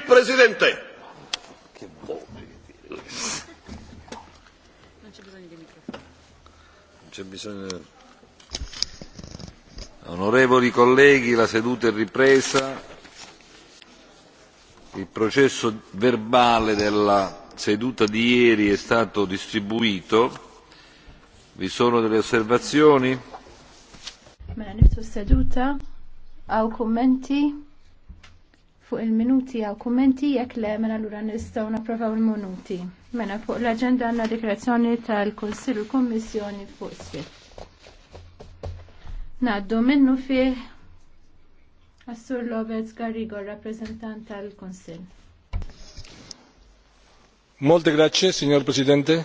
il Presidente. Non c'è bisogno di microfono. Non c'è bisogno. Onorevoli colleghi, la seduta è ripresa. Il processo verbale della seduta di ieri è stato distribuito. Vi sono delle osservazioni? Mela niftu seduta, għaw commenti? fuq il-minuti għaw kummenti jekk le mela l-ura nistaw naprofaw il-minuti. Mela fuq l-agenda għanna dikrazzjoni tal-Konsil u Kommissjoni fuq Swift. Naddu minnu fih Assur Lopez Garrigo, rappresentant tal-Konsil. Molte grazie, signor Presidente.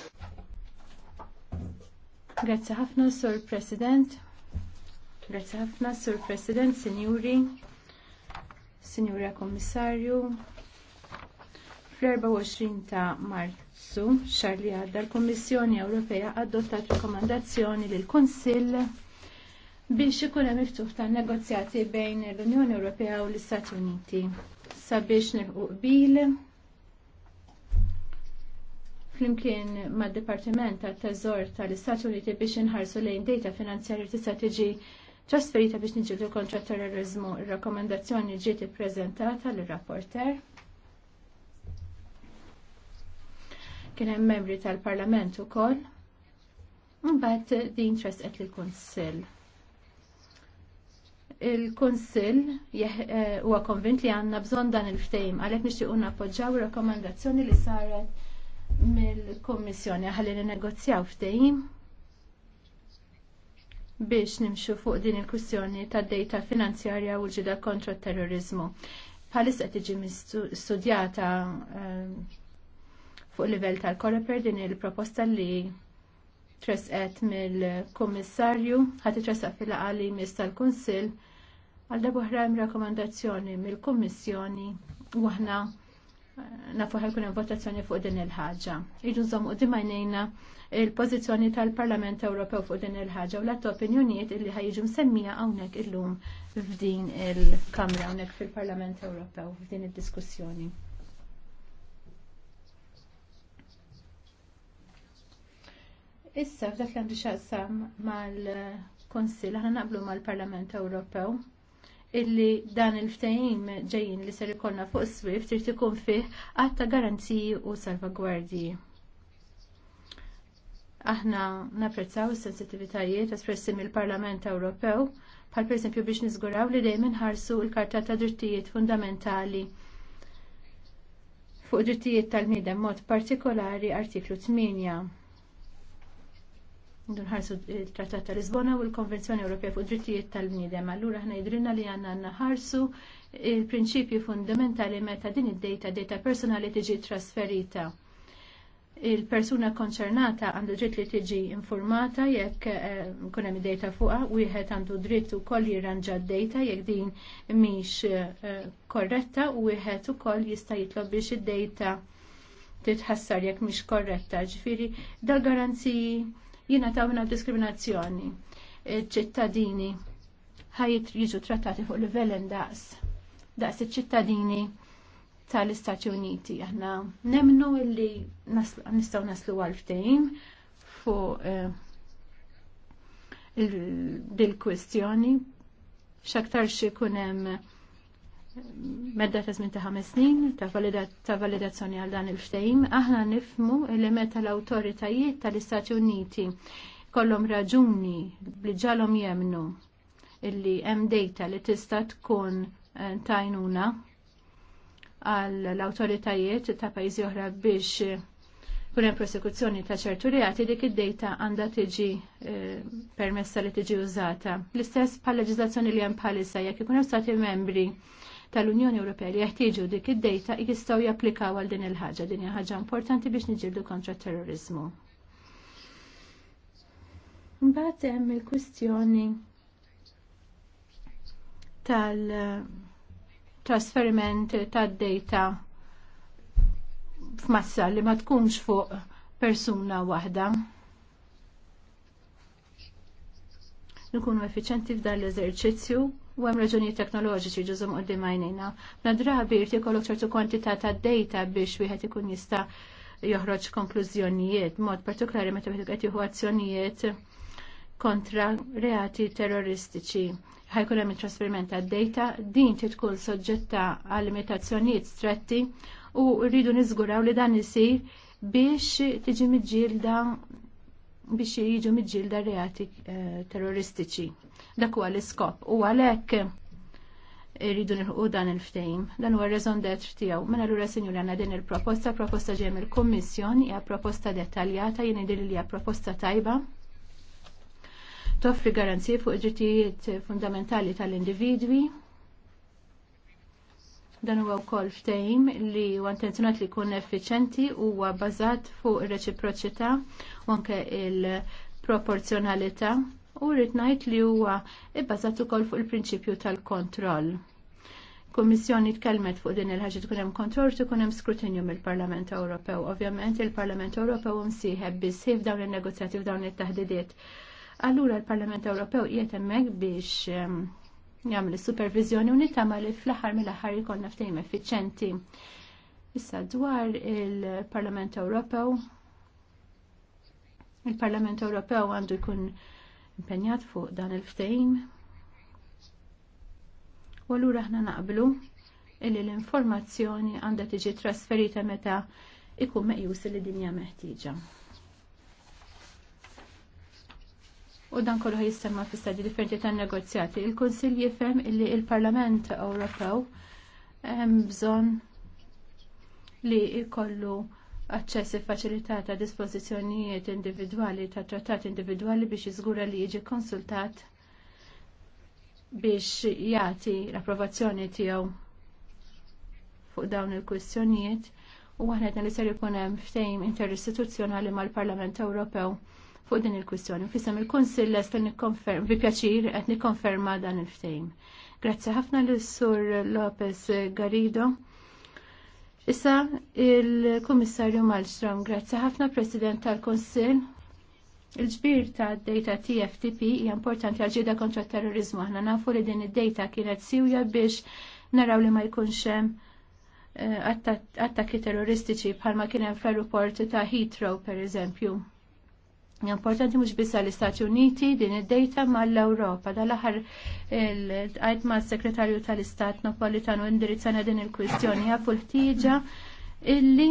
Grazie ħafna, Sur President. Grazie ħafna, Sur President, Signori. Signora Kommissarju, fl-24 ta' Marzu xar li għadda l-Kommissjoni Ewropea adottat rekomandazzjoni lil konsill biex ikun hemm miftuħ ta' negozjati bejn l-Unjoni Ewropea u l-Istati Uniti sabiex nilħu qbil flimkien mad-Dipartiment tal teżor tal-Istati Uniti biex inħarsu lejn data finanzjarja tista' tiġi trasferita biex niġġieldu kontra terrorizmu. il rakkomandazzjoni ġiet ippreżentata l rapporter Kien hemm membri tal-Parlament ukoll. Mbagħad din trasqet lill-Kunsill. Il-Kunsill eh, huwa konvint li għandna bżonn dan il-ftehim għalhekk nixtiequ nappoġġjaw ir-rakkomandazzjoni li saret mill-Kummissjoni ħalli negozjaw ftehim biex nimxu fuq din il-kwistjoni tad dejta finanzjarja u ġida kontra t terrorizmu. Palis qed tiġi studjata eh, fuq livell tal-koreper din il-proposta li tresqet mill-Kummissarju ħati tresqet fil qali mis tal-Kunsill għal darbohra hemm rakkomandazzjoni mill-Kummissjoni u aħna eh, nafu ħajkun hemm votazzjoni fuq din il-ħaġa. Iġu nżommu dimajnejna il-pożizzjoni tal-Parlament Ewropew fuq din il-ħaġa u l-att opinjonijiet illi ħajġu semmija hawnhekk illum f'din il-Kamra hawnhekk fil-Parlament Ewropew f'din id-diskussjoni. Issa f'dak li għandu xaqsam mal-Konsil, ħana naqblu mal-Parlament Ewropew illi dan il-ftehim ġejjin li ser ikollna fuq Swift trid ikun fih għatta garanziji u salvagwardji. Aħna napprezzaw is-sensitivitajiet espressi mill-Parlament Ewropew bħal pereżempju biex niżguraw li dejjem inħarsu l-Karta ta' Drittijiet Fundamentali fuq drittijiet tal-bniedem mod partikolari artiklu 8. Nħarsu il-Trattat ta' Lisbona u l-Konvenzjoni Ewropea fuq drittijiet tal-bniedem. Allura ħna jidrilna li għandna naħarsu il prinċipju fundamentali meta din id-dejta dejta personali tiġi trasferita il-persuna konċernata għandu dritt li tiġi informata jekk eh, kunem hemm data fuqha, wieħed għandu dritt ukoll jirranġa d-data jekk din mhix eh, korretta u wieħed ukoll jista' jitlob biex id-data titħassar jekk mhix korretta. ġifiri dal garanziji jiena tawna diskriminazzjoni. Ċittadini ħajt jiġu trattati fuq livell daqs. Daqs iċ-ċittadini tal-Istati Uniti. Aħna nemnu illi nistgħu naslu għalftejn fuq eh, il kwistjoni x'aktar xi jkun hemm eh, medda ta' żmien ta' ħames snin ta' validazzjoni għal dan il-ftehim, aħna nifmu li meta l-awtoritajiet tal-Istati Uniti kollhom raġuni li ġalhom jemnu illi hemm data li tista' tkun eh, tajnuna għall-awtoritajiet ta' pajjiżi oħra biex kun hemm prosekuzzjoni ta' ċertu reati dik id-dejta għandha tiġi eh, permessa li tiġi użata. L-istess bħal leġiżlazzjoni li hemm palissa jekk ikun stati membri tal-Unjoni Ewropea li jeħtieġu dik id-dejta jistgħu japplikaw għal din il-ħaġa. Din hija ħaġa importanti biex niġġieldu kontra t terrorizmu. Mbagħad hemm il-kwistjoni tal- trasferiment tad data f'massa li ma tkunx fuq persuna waħda. Nkunu effiċenti f'dan l-eżerċizzju u hemm raġunijiet teknoloġiċi ġużhom qudiem għajnejna. Mla drabi jrid ikollok ċertu kwantità ta' data biex wieħed ikun jista' joħroġ konklużjonijiet, mod partikolari meta wieħed qed jieħu azzjonijiet kontra reati terroristiċi ħajkun hemm it-trasferiment tad-data, din tkun soġġetta għal limitazzjonijiet stretti u rridu niżguraw li dan isir biex tiġi miġġielda biex jiġu miġġielda reati eh, terroristiċi. Dak huwa l-iskop u għalhekk rridu nilħu dan il-ftejm. Dan huwa r-reżon detr tiegħu. Mela lura sinjura għandna din il-proposta, proposta ġejja mill-Kummissjoni hija proposta dettaljata jien li hija proposta tajba toffri garanziji fuq id-drittijiet fundamentali tal-individwi. Dan huwa wkoll ftehim li huwa intenzjonat li jkun effiċenti huwa bbażat fuq ir-reċiproċità u anke il-proporzjonalità u rrid ngħid li huwa bbażat ukoll fuq il-prinċipju tal-kontroll. Kummissjoni tkellmet fuq din il-ħaġa tkun hemm kontroll tkun hemm skrutinju mill-Parlament Ewropew. Ovvjament il-Parlament Ewropew msieħeb biss f'dawn in-negozjati f'dawn it-taħdidiet. Allura l-Parlament Ewropew qiegħed hemmhekk biex ehm, jagħmel is-supervizjoni u nitama li fl-aħħar mill-aħħar jkollna ftehim effiċenti. Issa dwar il-Parlament Ewropew il-Parlament Ewropew għandu jkun impenjat fuq dan il-ftehim. U allura aħna naqblu illi l-informazzjoni għandha tiġi trasferita meta ikun meqjus li dinja meħtieġa. u dan kollu jistemma fi stadji differenti tan negozjati. Il-Kunsill jifhem li il-Parlament Ewropew hemm bżonn li jkollu aċċess e ta' dispożizzjonijiet individwali ta' trattat individwali biex jiżgura li jiġi konsultat biex jagħti l-approvazzjoni tiegħu fuq dawn il-kwistjonijiet u għahna li ser ikun hemm ftehim interistituzzjonali mal-Parlament Ewropew fuq din il-kwistjoni. Fisem il-Konsil lest nikkonferm, bi pjaċir qed nikkonferma dan il-ftejm. Grazzi ħafna l sur Lopez Garrido. Issa il-Kummissarju Malmström, grazzi ħafna President tal-Konsil. Il-ġbir ta' data TFTP hija importanti għal ġieda kontra terrorizmu. Aħna nafu li din id-data kienet siwja biex naraw li ma jkunx hemm eh, attakki terroristiċi bħalma kien hemm fl-aeroport ta' Heathrow pereżempju. Importanti mhux biss għall-Istati Uniti din id-dejta mal-Ewropa. Dal-aħħar il ma mas-Sekretarju tal-Istat Napolitano indirizzana din il-kwistjoni għafu l-ħtieġa illi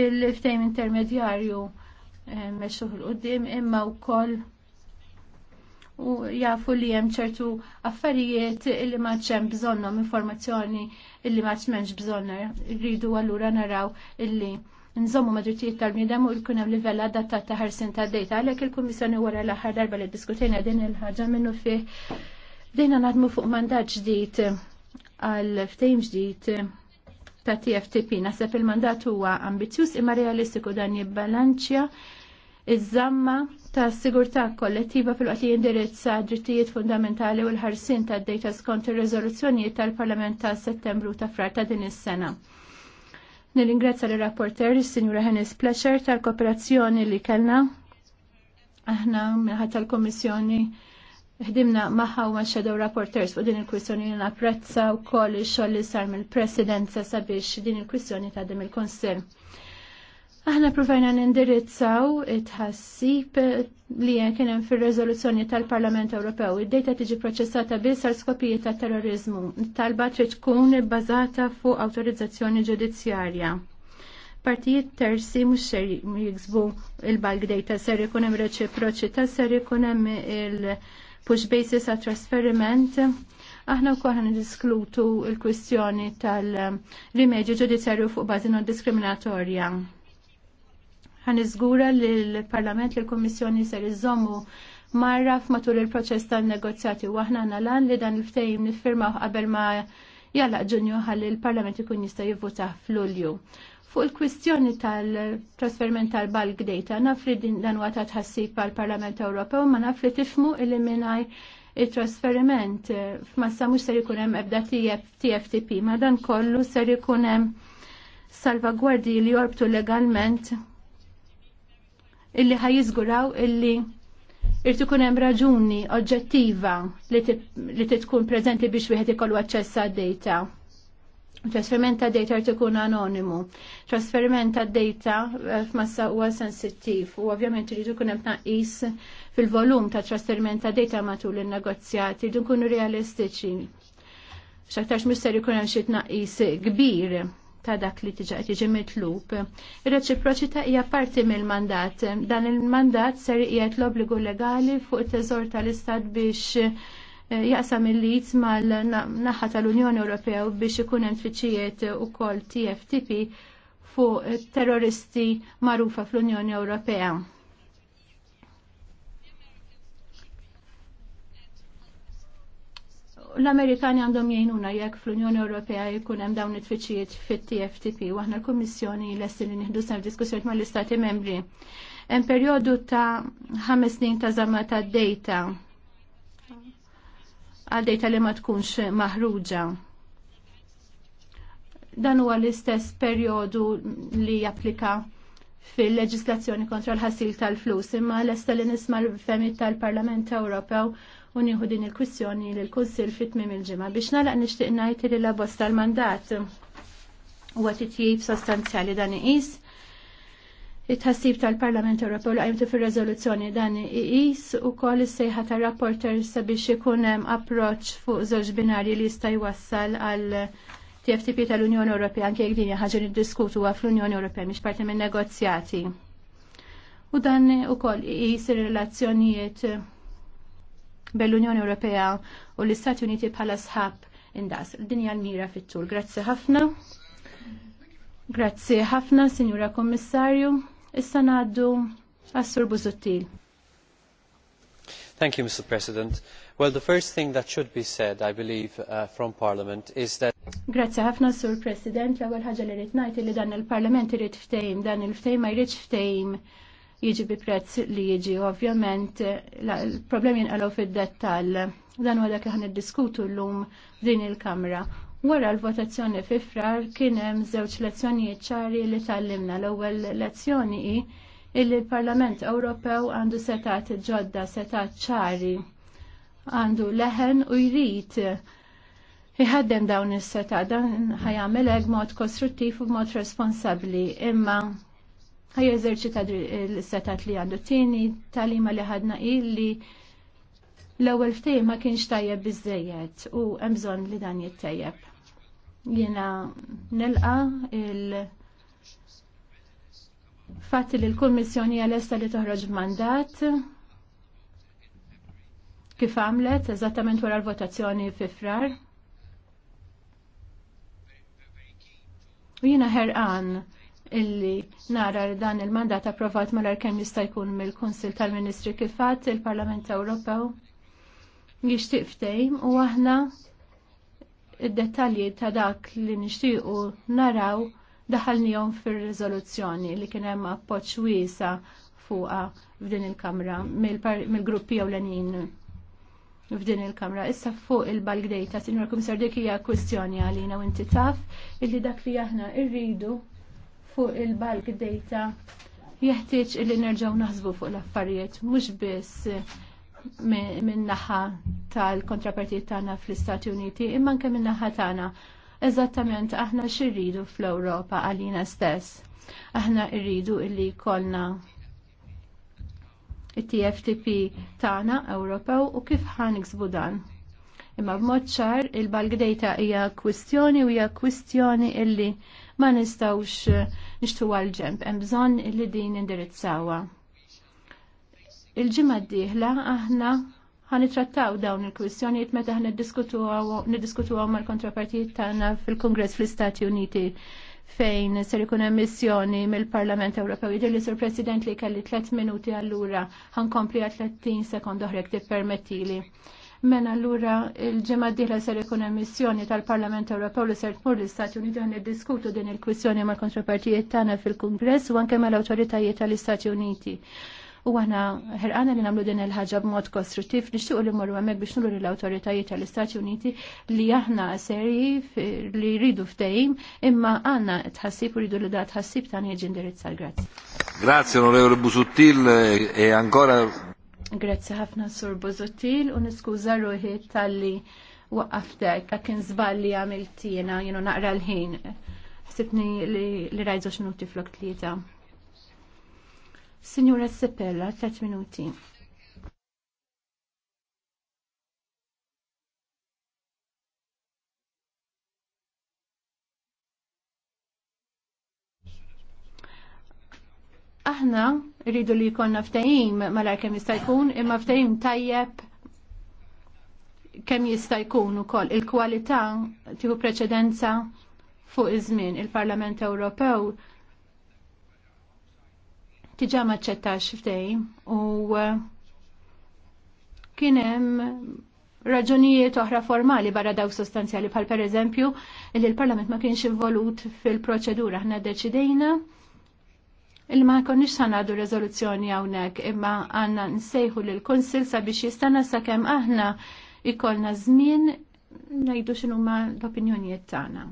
il-ftejm intermedjarju eh, meċuħ l-qoddim imma wkoll u jafu li hemm ċertu affarijiet illi ma bżonnom bżonnhom informazzjoni illi ma ċemx bżonna. Rridu allura naraw illi nżommu mad-drittijiet tal-bniedem u jkun hemm livell adattat ta' ħarsin ta' dejta għalhekk il-Kummissjoni wara l-aħħar darba li ddiskutejna din il-ħaġa minnu fih bdejna nadmu fuq mandat ġdid għal ftejm ġdid ta' TFTP. naħseb il-mandat huwa ambizjuż imma realistiku dan jibbalanċja iż-żamma ta' sigurtà kollettiva fil-qat li jindirizza drittijiet fundamentali u l-ħarsin ta' data skont ir-riżoluzzjonijiet tal-Parlament ta' Settembru ta' frar ta' din is-sena. Nirringrazzja l rapporter il sinjura Hennis Pleasure tal-kooperazzjoni li kellna. Aħna minħat tal-Komissjoni ħdimna maħħa u shadow rapporters fuq din il-kwistjoni li napprezza wkoll il xogħol li sar mill-Presidenza sabiex din il-kwistjoni dim il konsil Aħna provajna nindirizzaw it-ħassib li kien hemm fir-reżoluzzjoni tal-Parlament Ewropew. Id-dejta tiġi proċessata biss għal skopijiet ta' terrorizmu. Talba trid tkun ibbażata fuq awtorizzazzjoni ġudizzjarja. Partijiet terzi mhux ser jiksbu il-bulk data ser ikun hemm reċiproċità, ser ikun hemm il-push basis għat trasferiment aħna u koħan diskutu il-kwistjoni tal-rimedju ġudizzjarju fuq bażi non diskriminatorja ħan iżgura li l-Parlament li l-Kommissjoni ser iżommu marra f'matur il-proċess tan-negozjati u aħna nalan li dan il-ftehim nifirmaw qabel ma jalla ġunju ħalli l-Parlament ikun jista' jivvota f'Lulju. Fuq il-kwistjoni tal-trasferment tal-bulk data, naf li din dan wata tħassib għal-Parlament Ewropew, ma naf li tifmu illi minnaj il-trasferiment f'massa mux ser ikun hemm ebda TFTP, ma dan kollu ser ikun hemm salvagwardi li jorbtu legalment illi ħajizguraw illi irti kun hemm raġuni oġġettiva li tkun preżenti biex wieħed ikollu aċċess d data Trasferiment ta' data irti kun anonimu. Trasferiment ta' data eh, f'massa huwa sensittiv u ovvjament irid ikun hemm tnaqqis fil-volum ta' trasferiment ta' data matul in-negozjati li nkunu realistiċi. X'aktarx mister jkun hemm xi tnaqqis kbir ta' dak li tiġa qed jiġi mitlub. Ir-reċiproċità hija parti mill-mandat. Dan il-mandat ser qiegħed l-obbligu legali fuq it-teżor tal-Istat biex eh, jaqsam il-lit mal-naħa tal-Unjoni Ewropea biex ikun hemm tfittxijiet ukoll TFTP fuq terroristi magħrufa fl-Unjoni Ewropea. l-Amerikani għandhom jgħinuna jekk fl-Unjoni Ewropea jkun hemm dawn it-tfittxijiet fit-TFTP u aħna l-Kummissjoni lesti li nieħdu sem diskussjoni mal-Istati Membri. Hemm perjodu ta' ħames snin ta' żamma ta' data għal data li ma tkunx maħruġa. Dan huwa l-istess perjodu li japplika fil-leġislazzjoni kontra l ħasil tal-flus imma lesta li nisma' l-femi tal-Parlament Ewropew u nieħu din il-kwissjoni lill kunsil fit-tmiem il-ġimgħa biex nalaq nixtieq ngħid li la bosta tal-mandat huwa titjib sostanzjali dan iqis it-ħassib tal-Parlament Ewropew li qajmtu fir-reżoluzzjoni dan iqis ukoll is-sejħa tar-rapporter sabiex ikun hemm approċċ fuq żewġ binarji li jista' jwassal għal TFTP tal-Unjoni Ewropea anke jekk din ħaġa niddiskutu fl-Unjoni Ewropea mhix parti minn negozjati. U dan ukoll iqis ir-relazzjonijiet bell-Unjoni Ewropea u l-Istati Uniti bħala sħab indas. Dinja l-mira fit-tul. Grazzi ħafna. Grazzi ħafna, Sinjura Kommissarju. Issa ngħaddu għassur Buzuttil. Busuttil. Thank you, Mr. President. Well, the first thing that should be said, I believe, uh, from Parliament is that... Grazie ħafna, Sur President. L-ewwel ħaġa li rrid li dan il-Parlament irid ftehim, dan il ftejm ma jridx ftehim jiġi bi prezz li jiġi ovvjament il-problemi jinqalgħu fid-dettall. Dan huwa dak li diskutu llum din il-Kamra. Wara l-votazzjoni fifrar kien hemm żewġ lezzjonijiet ċari li tallimna. L-ewwel lezzjoni hi illi l-Parlament Ewropew għandu setat ġodda, setat ċari għandu leħen u jrid iħaddem dawn is-seta dan ħajamel hekk mod kostruttiv u mod responsabbli imma ħaj ta' l-setat li għandu tini, talima li ħadna illi l-ewwel ftej ma kienx tajjeb biżejjed u hemm bżonn li dan jittajjeb. Jiena nilqa il- fatt li l-Kummissjoni għal-esta li toħroġ mandat kif għamlet eżattament wara l-votazzjoni fifrar. U jiena ħerqan illi nara li dan il-mandat approvat malar kemm jista' jkun mill-Kunsil tal-Ministri kif kifat il-Parlament Ewropew jixtieq ftehim u aħna id-dettalji ta' dak li nixtiequ naraw daħalnihom fir-riżoluzzjoni li kien hemm appoġġ wiesa fuqha f'din il-Kamra mill-gruppi ewlenin f'din il-Kamra. Issa fuq il balgdejta data, Sinjor Kumsar dik hija kwistjoni għalina u inti taf illi dak li aħna rridu fuq il-bulk data jeħtieġ li nerġgħu naħsbu fuq l-affarijiet mhux biss min naħa tal-kontrapartijiet tagħna fl-Istati Uniti imma anke min naħa tagħna eżattament aħna xirridu fl-Ewropa għalina stess. Aħna rridu illi jkollna it-TFTP tagħna Ewropew u kif ħaniksbu dan. Imma b'mod ċar il-balg data hija kwistjoni u hija kwistjoni illi ma nistawx eh, nishtu għal-ġemp, hemm bżonn li din indirizzawa. Il-ġimgħa d-dieħla aħna ħanitrattaw dawn il-kwistjonijiet meta għaw mal-kontrapartijiet tagħna fil-Kongress fl-Istati Uniti fejn ser ikun emissjoni mill-Parlament Ewropew. Jidir li sur President li kelli 3 minuti allura ħankompli għal 30 sekond oħrek tippermettili. Mena allura il-ġemma diħla ser ikun missjoni tal-Parlament Ewropew li ser tmur l-Istati Uniti għan diskutu din il-kwissjoni mal kontrapartijiet tagħna fil-Kungress u anke mal-awtoritajiet tal-Istati Uniti. U għana ħerqana li namlu din il-ħagġa b'mod kostruttiv nixtiequ li morru għamek biex nuru l-awtoritajiet tal-Istati Uniti li aħna serji li jridu ftehim imma għandna tħassib u rridu li da tħassib tani jiġi Grazie. Grazie onorevole Busuttil e ancora Grazzi ħafna Sur Bozotil u niskuża ruħi tal-li waqqaftek, li zballi għamiltina, jenu naqra l-ħin. Sibni li rajdu xnuti flok tlieta. Signora Seppella, 3 minuti. Aħna rridu li jkollna ftehim malar kemm jista' jkun, imma ftehim tajjeb kemm jista' jkun ukoll il-kwalità tieħu preċedenza fuq iż-żmien il-Parlament Ewropew tiġa ma ċċettax ftehim u uh, kien hemm raġunijiet oħra formali barra dawk sostanzjali bħal pereżempju li l-Parlament ma kienx involut fil-proċedura aħna deċidejna il ma konniex sanadu rezoluzzjoni hawnhekk imma għandna nsejħu lil kunsil sabiex jistana sakemm aħna ikolna żmien ngħidu x'inhu l-opinjonijiet tagħna.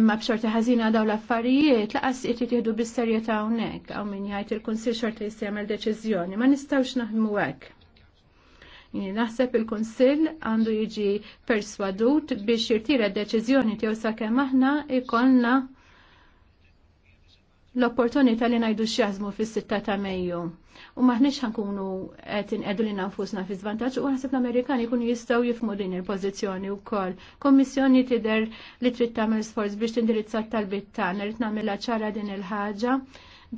Imma b'xorti ħażina daw l-affarijiet laqas qed jittieħdu bis serjet hawnhekk hawn min jgħid il-kunsil xorta jista' deċiżjoni, ma nistgħux naħdmu hekk. Naħseb il-Konsil għandu jiġi perswadut biex jirtira d deċiżjoni tiegħu sakemm aħna ikolna l-opportunità li najdu xjazmu fis-sitta ta' Mejju. U maħniex ħankunu qed inqedu li nafusna fi żvantaġġ u ħaseb l-Amerikani jkunu jistgħu jifmu din il-pożizzjoni wkoll. Kommissjoni tidher li trid tagħmel sforz biex tindirizza t bit tagħna rid nagħmilha ċara din il-ħaġa.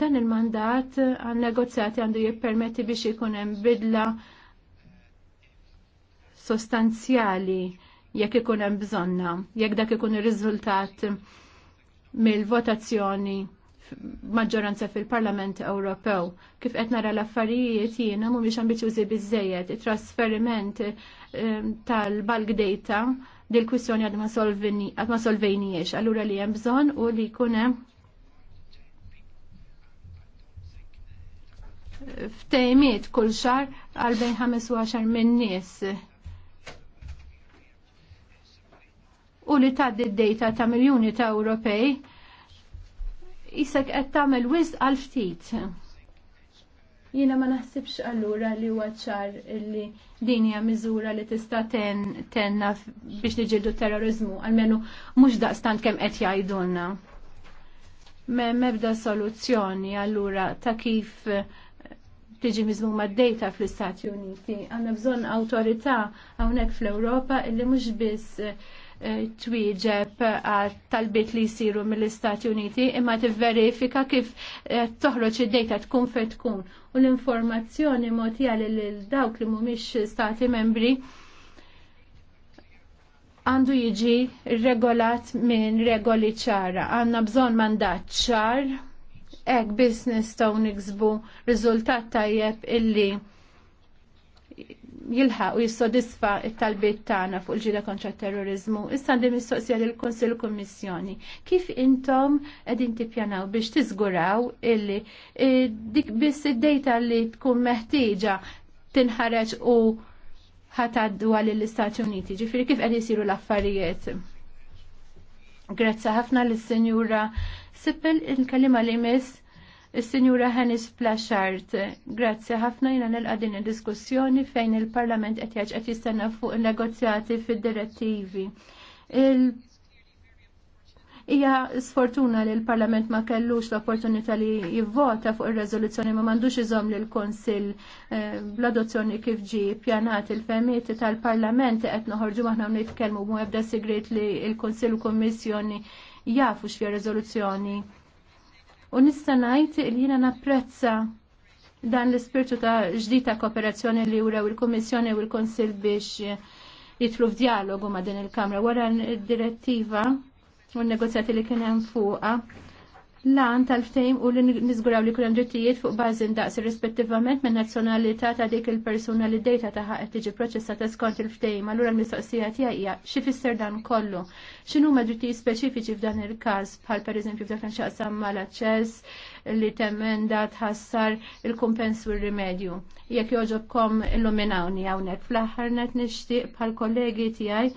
Dan il-mandat għan negozjati għandu jippermetti biex ikun hemm bidla sostanzjali jekk ikun hemm bżonna, jekk dak ikun ir-riżultat mill-votazzjoni maġġoranza fil-Parlament Ewropew. Kif qed nara l-affarijiet jiena mhumiex ambiċjużi biżejjed, it-trasferiment ehm, tal-bulk data dil kwistjoni għad ma solvejniex, allura li hemm bżonn u li jkun hemm ftejmiet kull xar għal bejn għaxar minn nies. U li tgħaddi d-dejta ta' miljuni ta' Ewropej isek qed tagħmel wisq għal ftit. Jiena ma naħsibx allura li huwa ċar li din hija miżura li tista' tenna biex niġildu terrorizmu, għalmenu mhux daqstant kemm qed jgħidulna. Mebda soluzzjoni allura ta' kif eh, tiġi miżmuma d-dejta fl-Istati Uniti. Għanna bżonn awtorità hawnhekk fl-Ewropa illi mhux biss eh, twieġeb eh, tal-bit li jisiru mill-Istati Uniti imma tivverifika kif eh, toħroġ id-dejta tkun fejn tkun u l-informazzjoni motjali lil dawk li mhumiex stati membri għandu jiġi regolat minn regoli ċara. Għanna bżon mandat ċar, ek business ta' niksbu riżultat tajjeb illi jilħaq u jissodisfa il talbiet tagħna fuq il-ġida kontra terrorizmu. Issa għandi mistoqsija l konsil Kummissjoni. Kif intom qegħdin tippjanaw biex tiżguraw illi eh, dik biss id-dejta li tkun meħtieġa tinħareġ u ħataddu għal l-Istati Uniti. Ġifiri kif qed isiru l-affarijiet? Grazzi ħafna lis-Sinjura Sippel il-kalima li miss Is-Sinjura Hennis Plashart, grazzi ħafna jina nilqa din id-diskussjoni fejn il-Parlament qed jaġ qed jistenna fuq negozjati fid-direttivi. Il Ija sfortuna li l-Parlament ma kellux l-opportunità li jivvota fuq ir-rezoluzzjoni ma mandux iżom li l-Konsil eh, bl-adozzjoni kif ġi pjanat il femiti tal-Parlament qed noħorġu maħna nitkellmu mu ebda sigrit li l-Konsil u Kommissjoni jafu x'fija rezoluzzjoni U nista' ngħid li jiena napprezza dan l-ispirtu ta' ġdita kooperazzjoni li u il-Kummissjoni u l-Konsil biex jitlu f'dialogu ma' din il-Kamra wara d-direttiva u n-negozjati li kien hemm fuqha lan tal-ftejm u li nizguraw li kull drittijiet fuq bażi ndaqs rispettivament minn nazzjonalità ta' dik il-persuna li d-dejta taħħa qed tiġi proċessata skont il-ftejm. Allura l-mistoqsija tiegħi hija xi fisser dan kollu. X'inhu ma drittijiet speċifiċi f'dan il-każ bħal pereżempju f'dak xaqsam mal-aċċess li temenda tħassar il-kumpens u r-rimedju. Jekk joġobkom illuminawni hawnhekk fl-aħħar net nixtieq bħal kollegi tiegħi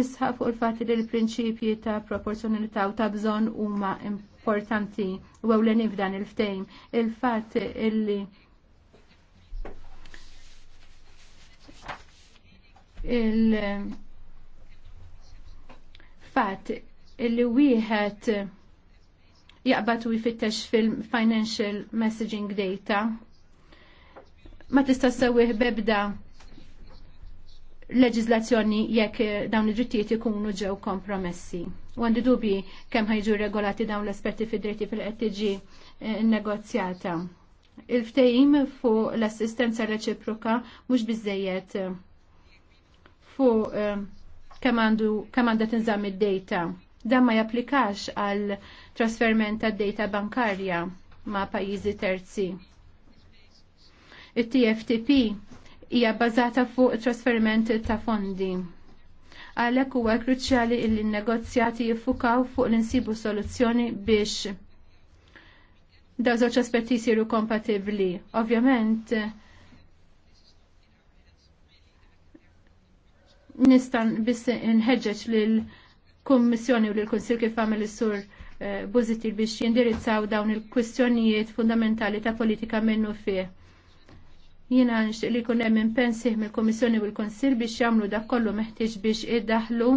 nisħaq fuq il fatti li l-prinċipji ta' proporzjonalità u ta' bżonn huma importanti importanti u ewlen nifdan il ftejn Il-fatt illi il-fatt illi wieħed jaqbad u jfittex fil-financial messaging data ma tista' sewwih bebda leġizlazzjoni jekk eh, dawn id-drittijiet ikunu ġew kompromessi. U għandi dubi kemm ħajġu regolati dawn l aspetti fid-dritti fil-qed eh, negozjata. Il-ftehim fu l-assistenza reċiproka mhux biżejjed eh, fu kemm għandha tinżamm id-data. Dan ma japplikax għal trasferment tad-data bankarja ma' pajjiżi terzi. It-TFTP hija bbażata fuq trasferiment ta' fondi. Għalhekk huwa kruċjali li n-negozjati jiffukaw fuq l-insibu soluzzjoni biex daw żewġ aspetti jsiru kompatibbli. Ovvjament, nistan biss nħeġġeġ lill kummissjoni u lill-Kunsill kif għamel is-sur eh, Buzitil biex jindirizzaw dawn il-kwistjonijiet fundamentali ta' politika minnu fih jina nxtiq li jkun hemm impensih mill-Kummissjoni u l-Konsil biex jagħmlu dak kollu meħtieġ biex iddaħlu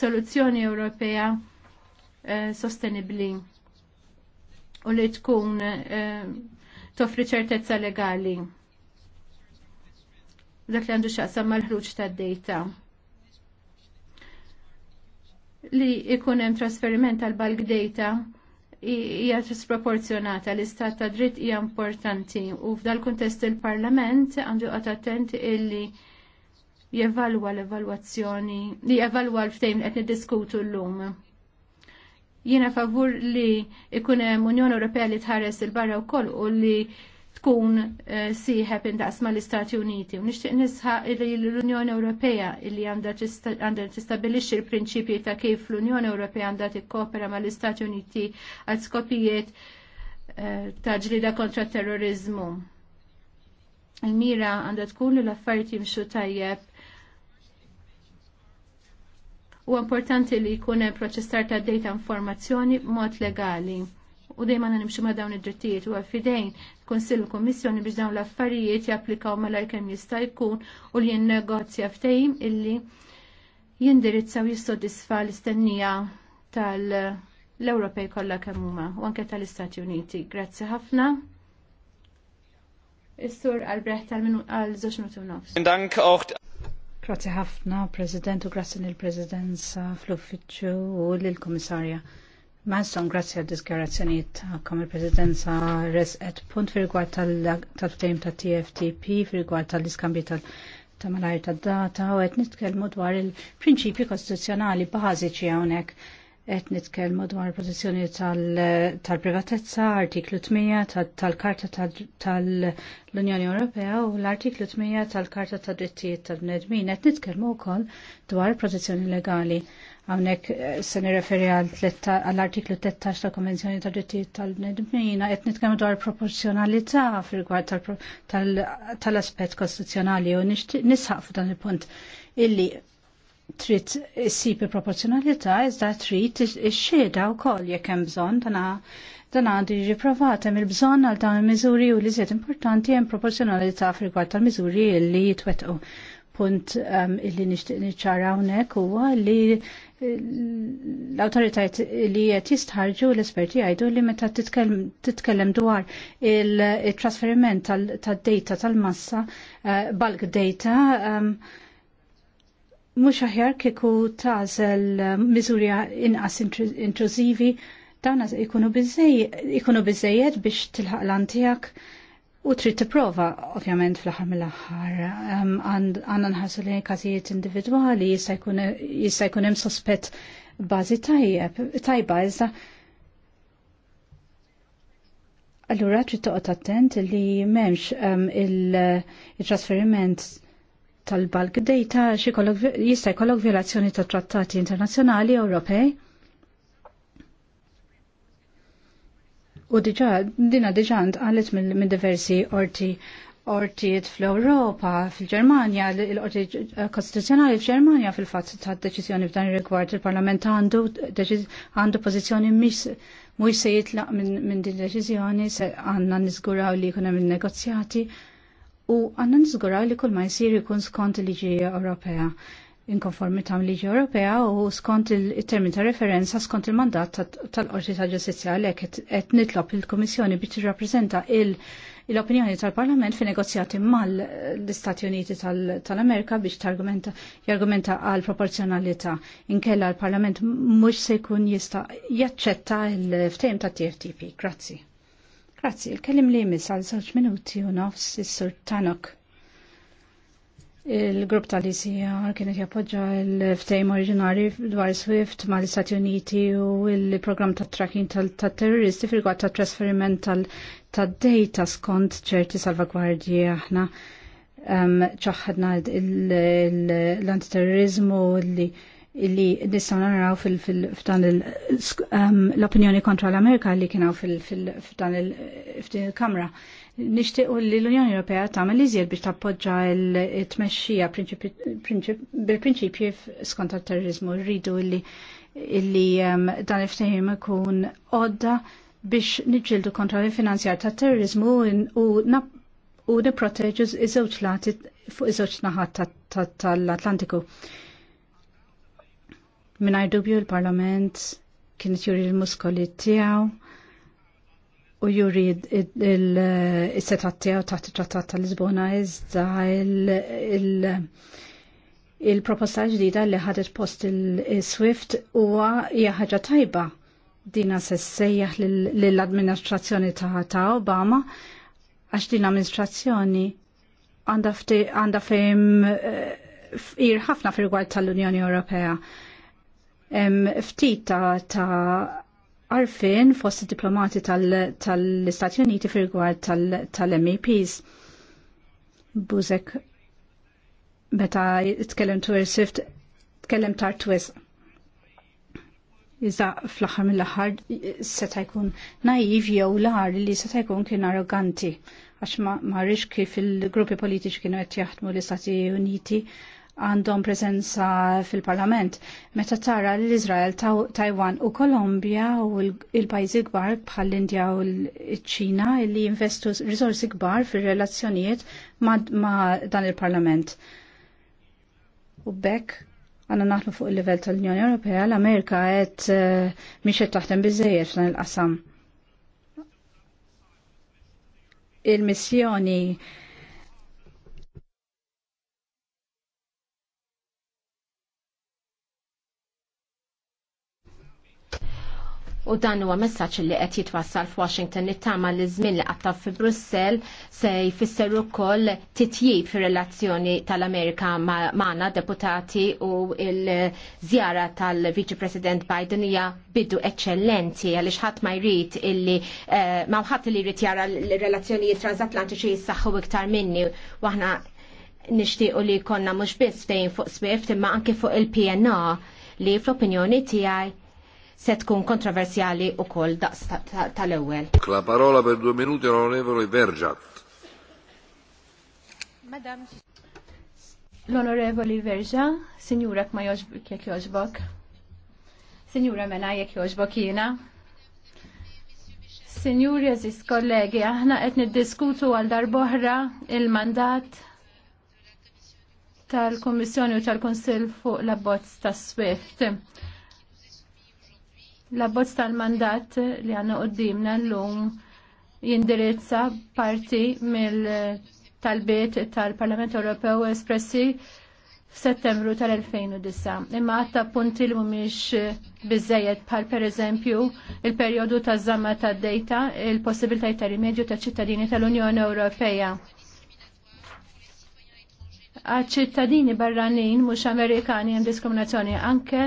soluzzjoni Ewropea eh, sostenibbli u li tkun eh, toffri ċertezza legali. Dak li għandu xaqsam mal-ħruġ tad-dejta li ikun hemm trasferiment tal bulk data hija disproporzjonata, l-istat ta' dritt hija importanti u f'dal kuntest il-Parlament għandu qatt attent illi jevalwa l-evalwazzjoni, li jevalwa l-ftejn qed niddiskutu llum. Jiena favur li ikun hemm Unjoni Ewropea li tħares il-barra wkoll u li tkun eh, siħeb indaqs l-Istati Uniti. U nixtieq nisħaq li l-Unjoni Ewropea li għandha tistabilixxi l-prinċipji ta' kif l-Unjoni Ewropea għandha tikkopera ma l-Istati Uniti għal skopijiet eh, ta' ġlida kontra terrorizmu. Il-mira għandha tkun li l-affarijiet jimxu tajjeb u importanti li jkun hemm proċessar ta' data informazzjoni b'mod legali u dejjem għandna nimxu ma' dawn id-drittijiet u fidejn konsil kommissjoni biex dawn l-affarijiet japplikaw mela kemm jista' jkun u li jinnegozja ftehim illi jindirizzaw jissodisfa l-istennija tal-Ewropej kollha kemm huma u anke tal-Istati Uniti. Grazzi ħafna. Is-sur Albrecht tal-minu għal żewġ minuti nofs. Grazzi ħafna, President, u grazzi lill presidenza fl-uffiċċju u lill-Kummissarja. Manson, grazzi għad diskarazzjoniet kom il-Presidenza resqet punt fi rigward tal-ftejm ta' TFTP, fi rigward tal-iskambi ta' malajr ta' data u għet nitkelmu dwar il-prinċipji kostituzzjonali bażiċi hawnhekk qed nitkellmu dwar il-pozizjoni tal-privatezza, tal artiklu 8 tal-Karta tal-Unjoni Ewropea u l-artiklu 8 tal-Karta tad drittijiet tal-bnedmin qed nitkellmu wkoll dwar il-pozizjoni legali Għamnek eh, se nirreferi għall-artiklu 13 ta' Konvenzjoni ta' Drittijiet tal-Nedmina qed nitkellmu dwar proporzjonalità fil-rigward tal-aspett kostituzzjonali u nisħaq fuq dan il-punt illi trid s il-proporzjonalità iżda trid ix xeda wkoll jekk hemm bżonn dan għandu jiġi provat hemm il-bżonn għal dawn il-miżuri u li zjed importanti hemm proporzjonalità f'rigward tal-miżuri li jitwettqu. Punt um, illi nixtieq niċċara hawnhekk huwa li l-autoritajt li qed jistħarġu l-esperti jgħidu li meta titkellem dwar il-trasferiment tad-data tal-massa eh, bulk data ehm, mhux aħjar kieku tażel eh, miżuri inqas intrużivi dawna ikunu biżejjed biex tilħaq l-antijak U trid tipprova, ovvjament, fl-aħħar mill-aħħar, um, għandna nħassu lejn każijiet individwali jista' jkun hemm sospett bażi tajjeb, tajba iżda. Allura trid toqgħod attent li m'hemmx um, il trasferiment tal bulk data xi jista' jkollok violazzjoni ta' trattati internazzjonali Ewropej U diġa, dina diġant għalet minn diversi orti ortijiet fl-Europa, fil ġermania l-orti kostituzjonali fil ġermania fil-fatt ta' deċizjoni f'dan ir-rigward il-Parlament għandu għandu pożizzjoni mhux se jitlaq minn din deċiżjoni se għandna niżguraw li jkun hemm negozjati u għandna niżguraw li kull ma jsir ikun skont il-liġi Ewropea inkonformità liġi Ewropea u skont il-termin ta' referenza skont il-mandat tal-Qorti ta' Ġustizzja għalhekk qed nitlob il-Kummissjoni biex tirrappreżenta l-opinjoni tal-Parlament fi negozjati mal-Istati Uniti tal-Amerika biex jargumenta għal proporzjonalità inkella l-Parlament mhux se jkun jista' jaċċetta l-ftehim ta' TFTP. Grazzi. Grazzi, il-kellim li jmiss għal żewġ minuti u nofs is-Sur Tanok il-grupp tal-ICR kienet jappoġġa l-ftejm oriġinari dwar Swift ma l-Istati Uniti u l-programm ta' tracking tal-terroristi fil ta' trasferiment tal-data skont ċerti salvagwardji aħna ċaħħadna l-antiterrorizmu li li nistaw naraw fil-ftan l-opinjoni kontra l-Amerika li kienaw fil-ftan il-kamra. il nixtiequ li l-Unjoni Ewropea tagħmel iżjed biex tappoġġa l-tmexxija bil-prinċipji skont terrorizmu rridu li illi ehm, dan il-ftehim ikun għodda biex niġġieldu kontra l-finanzjar tat terrorizmu u u niproteġu iż-żewġ lati fuq iż-żewġ naħat tal-Atlantiku. Minaj dubju l-Parlament kienet juri l-muskoli tiegħu u jurid il-setat eh, tiegħu taħt it-Trattat tal-Lisbona iżda il-proposta ġdida li ħadet post il-Swift huwa hija ħaġa tajba dina se sejjaħ lill-administrazzjoni ta' Obama għax din amministrazzjoni għandha fejm eh, ir ħafna fir tal-Unjoni Ewropea. Ftit ta' arfin fost diplomati tal-Istati tal Uniti firgward tal-MEPs. Tal Buzek, meta jitkellem tu sift tkellem tar twis. Iżda fl-axar mill-axar seta' jkun naiv jew lar li seta' jkun kien arroganti għax ma rridx kif il-gruppi politiċi kienu qed jaħdmu l-Istati Uniti għandhom prezenza fil-parlament. Meta tara l-Izrael, Taiwan u Kolombja u il-pajzi gbar bħal l-Indja u l-ċina li jinvestu risorsi gbar fil-relazzjonijiet ma' dan il-parlament. U bekk għanna naħlu fuq il-level tal-Unjoni Ewropea, l-Amerika għed eh, miex taħtem taħdem f'dan il-qasam. Il-missjoni il missjoni u dan huwa messaġġ li qed jitwassal f'Washington nittama li żmien li qatta fi Brussell se jfisser ukoll titjib fir-relazzjoni tal-Amerika magħna deputati u l-żjara tal-Viċi President Biden hija biddu eċċellenti għaliex ħadd ma jrid illi eh, ma ħadd li jrid jara l-relazzjonijiet transatlantiċi jissaħħu iktar minni u aħna nixtiequ li konna mhux biss fejn fuq Swift imma anke fuq il-PNA li fl-opinjoni tiegħi se tkun kontroversjali u koll daqs tal-ewel. La parola per due minuti l'onorevole Vergiat. Madam. L-onorevoli Verja, signura ma joġbok jek joġbok. Signura Mena jek joġbok jina. Signuri eżis kollegi, aħna qed niddiskutu għal darboħra il-mandat tal-Kommissjoni u tal-Konsil fuq l-abbozz ta' Swift. L-abbozz tal-mandat li għanna qoddimna l-lum jindirizza parti mill-talbiet tal-Parlament Ewropew espressi f'Settembru tal-2009. Imma għatta punti li mhumiex biżejjed bħal pereżempju il-perjodu taż żamma tad dejta il-possibilitajiet ta' rimedju ta' ċittadini tal-Unjoni Ewropea. Għal ċittadini barranin mhux Amerikani hemm diskriminazzjoni anke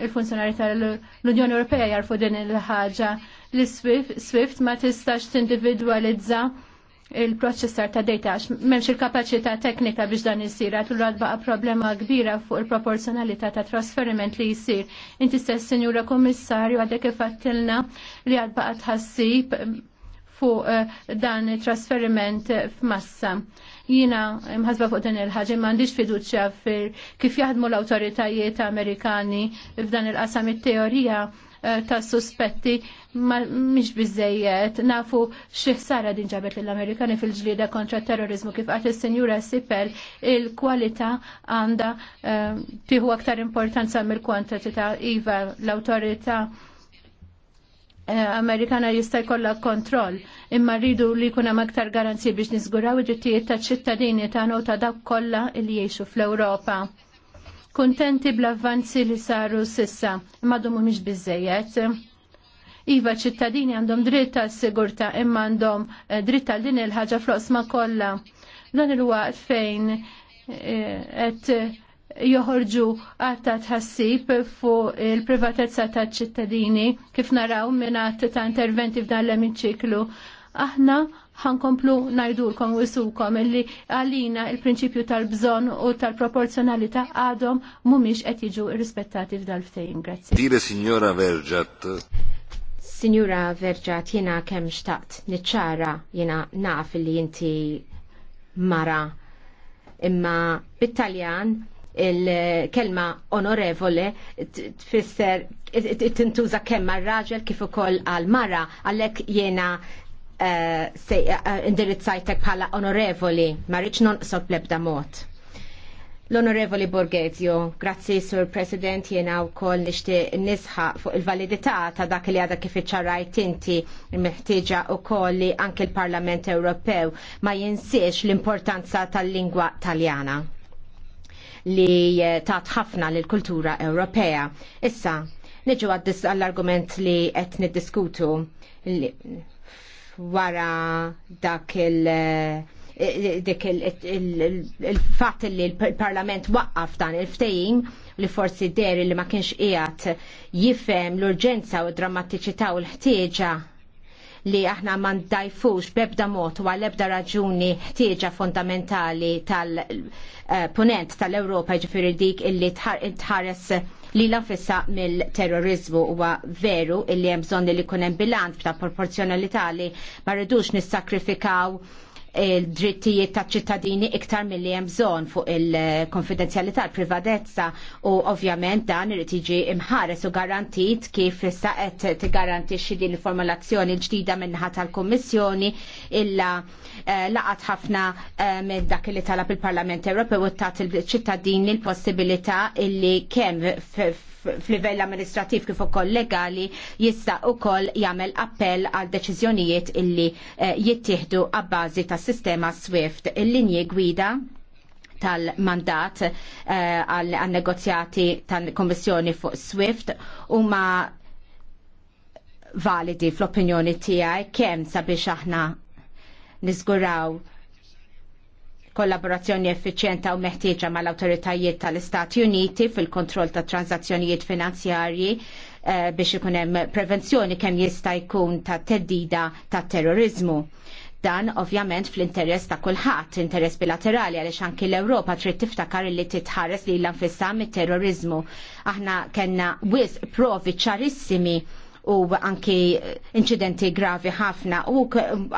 il-funzjonari tal-Unjoni Ewropea jarfu din il-ħaġa li Swift ma tistax tindividwalizza il-proċessar ta' data għax memx il-kapacità teknika biex dan jisir għatul baqa problema kbira fuq il-proporzjonalità ta' trasferiment li jisir. Inti stess, Sinjura Kommissarju, għadek ifattilna li għad baqa tħassib fuq eh, dan il-trasferiment f'massa. Jina mħasba fuq din il-ħagġa m'għandix fiduċja fir kif jaħdmu l-awtoritajiet Amerikani f'dan il-qasam it-teorija eh, ta' suspetti ma mhix biżejjed nafu xi ħsara din ġabet lill-Amerikani fil-ġlieda kontra terrorizmu kif qatt is-Sinjura Sipel il-kwalità għandha eh, tieħu aktar importanza mill-kwantità iva l-awtorità Eh, Amerikana jista' jkollha kontroll, imma rridu li jkun hemm aktar garanzi biex niżguraw id-drittijiet ċittadini tagħna u ta' dawk kollha li jgħixu fl-Ewropa. Kuntenti bl-avvanzi li saru sissa, imma għadhom mhumiex biżejjed. Iva ċittadini għandhom dritt għas sigurta imma għandhom eh, dritt għal din il-ħaġa fl-osma kollha. Dan il-waqt fejn eh, qed joħorġu għatta tħassib fuq il-privatezza ta' ċittadini kif naraw minnat ta' interventi f'dan l-emiċiklu. Aħna ħankomplu najdulkom u jisukom illi għalina il-prinċipju tal-bżon u tal-proporzjonalità għadhom mumiex qed jiġu rispettati f'dal ftejn. Grazzi. Dire signora Verġat. Signora Verġat, jena kemm xtaqt niċċara jena naf li inti mara imma bit-Taljan il-kelma onorevole tfisser tintuża kemm għal-raġel kif ukoll għal-mara għalhekk jiena eh, eh, indirizzajtek bħala onorevoli ma rridx nonqsod bl-ebda mod. L-Onorevoli Borghezio, grazzi Sur President, jena u koll nishti nisħa fuq il-validità ta' dak li għada kif iċċarajt inti meħtieġa u koll li anke l-Parlament Ewropew ma jinsiex l-importanza tal-lingwa taljana li eh, tat ħafna lill kultura Ewropea. Issa, niġu għaddis għall-argument li qed niddiskutu wara dak il- eh, dik il-fat li l-Parlament waqqaf dan il-ftejim li forsi deri li ma kienx qiegħed jifhem l-urġenza u d-drammatiċità u l-ħtieġa li aħna ma ndajfux bebda mod u għal-ebda raġuni tieġa fondamentali tal-punent tal-Ewropa ġifiri dik illi tħares li l-anfissa mill-terrorizmu huwa veru illi hemm bżonn li jkun hemm bilanċ ta' proporzjonalità li ma rridux nissakrifikaw il-drittijiet ta' ċittadini iktar mill-li hemm bżonn fuq il-konfidenzjalità, l-privatezza u ovvjament dan irid jiġi imħares u garantit kif issa qed tigarantixxi din il-formulazzjoni l ġdida minnaħa tal-Kummissjoni illa eh, laqat ħafna eh, minn dak li talab il-Parlament Ewropew u tat il-ċittadini l-possibilità illi kemm f'livell amministrativ kif ukoll legali jista' ukoll jagħmel appell għal deċiżjonijiet illi eh, jittieħdu għabbażi tas sistema SWIFT. Il-linji gwida tal-mandat eh, għal negozjati tal komissjoni fuq SWIFT huma validi fl-opinjoni tiegħi kemm sabiex aħna niżguraw kollaborazzjoni effiċjenta u meħtieġa mal-awtoritajiet tal-Istati Uniti fil-kontroll ta' transazzjonijiet finanzjarji eh, biex ikun hemm prevenzjoni kemm jista' jkun ta' teddida ta' terrorizmu. Dan ovvjament fl-interess ta' kulħadd, interess bilaterali għaliex anki l-Ewropa trid tiftakar li titħares li l-anfissa mit-terrorizmu. Aħna kellna wisq provi ċarissimi u anki incidenti gravi ħafna u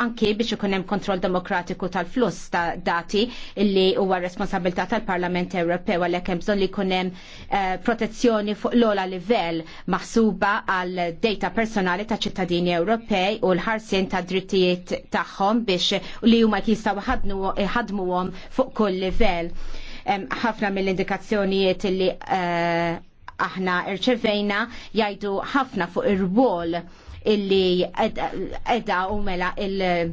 anki biex ikun hemm kontroll demokratiku tal-fluss ta' dati illi huwa responsabilità tal-Parlament Ewropew għalhekk hemm bżonn li jkun hemm eh, protezzjoni fuq l-ola livell maħsuba għal data personali ta' ċittadini Ewropej u l-ħarsien ta' drittijiet tagħhom biex li huma jistgħu ħadmuhom fuq kull livell ħafna mill-indikazzjonijiet li aħna irċevejna jajdu ħafna fuq ir-wol illi edha u mela il-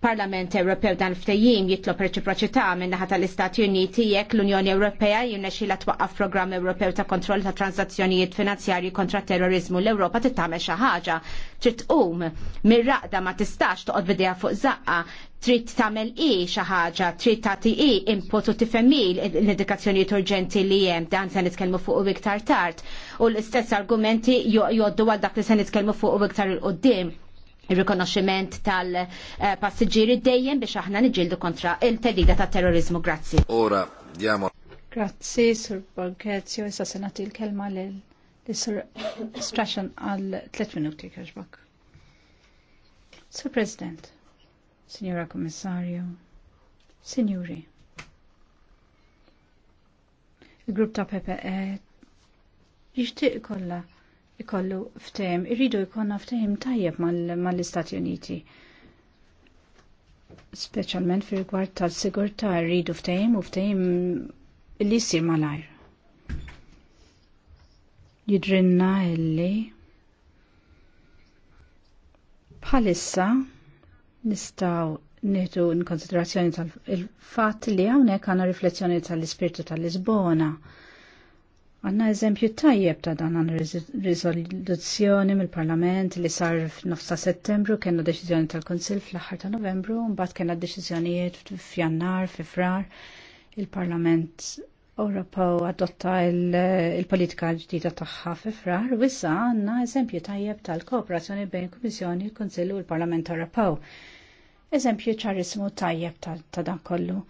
Parlament Ewropew dan ftejjim jitlob reċiproċità minn naħa tal-Istati Uniti jekk l-Unjoni Ewropea la twaqqaf programm Ewropew ta' kontroll ta' transazzjonijiet finanzjarji kontra terrorizmu l-Ewropa titgħamel xi ħaġa. Trid tqum mir-raqda ma tistax toqgħod bidejha fuq zaqqa. trid tagħmel i xi ħaġa, trid tagħti i input u tifhemmi l-indikazzjonijiet urġenti li hemm dan se nitkellmu fuq u iktar tard u l-istess argumenti jgħoddu għal dak li se nitkellmu fuq u iktar il-qudiem il-rikonoxximent tal-passiġġieri dejjem biex aħna niġildu kontra il-tedida ta' terrorizmu. Grazzi. Ora, diamo. Grazzi, Sur Borghezio, issa senati il-kelma l-Sur Strachan għal 3 minuti kħaxbak. Sur President, Signora Kommissarju, Signori, il-grupp ta' PPE jishtiq kolla ikollu ftehim, irridu jkollna ftehim tajjeb mal-Istati mal Uniti. Speċjalment fir rigward tal-sigurtà rridu ftehim u ftehim li jsir malajr. Jidrinna illi bħalissa nistaw nieħdu n-konsiderazzjoni tal-fatt li hawnhekk għandna riflessjoni tal-ispirtu tal-Lisbona. tal ispirtu tal lisbona Għanna eżempju tajjeb ta' dan għan rizoluzzjoni mill-Parlament li sar f'nofsa settembru kena deċiżjoni tal-Konsil fl-aħħar ta' novembru, mbagħad kena deċiżjonijiet f'jannar, f'IFrar, Il-Parlament Ewropew adotta il-politika ġdida tagħha fi frar, u issa għandna eżempju tajjeb tal-kooperazzjoni bejn il-Kummissjoni, il-Kunsill u l-Parlament Ewropew. Eżempju ċarissmu tajjeb ta' dan kollu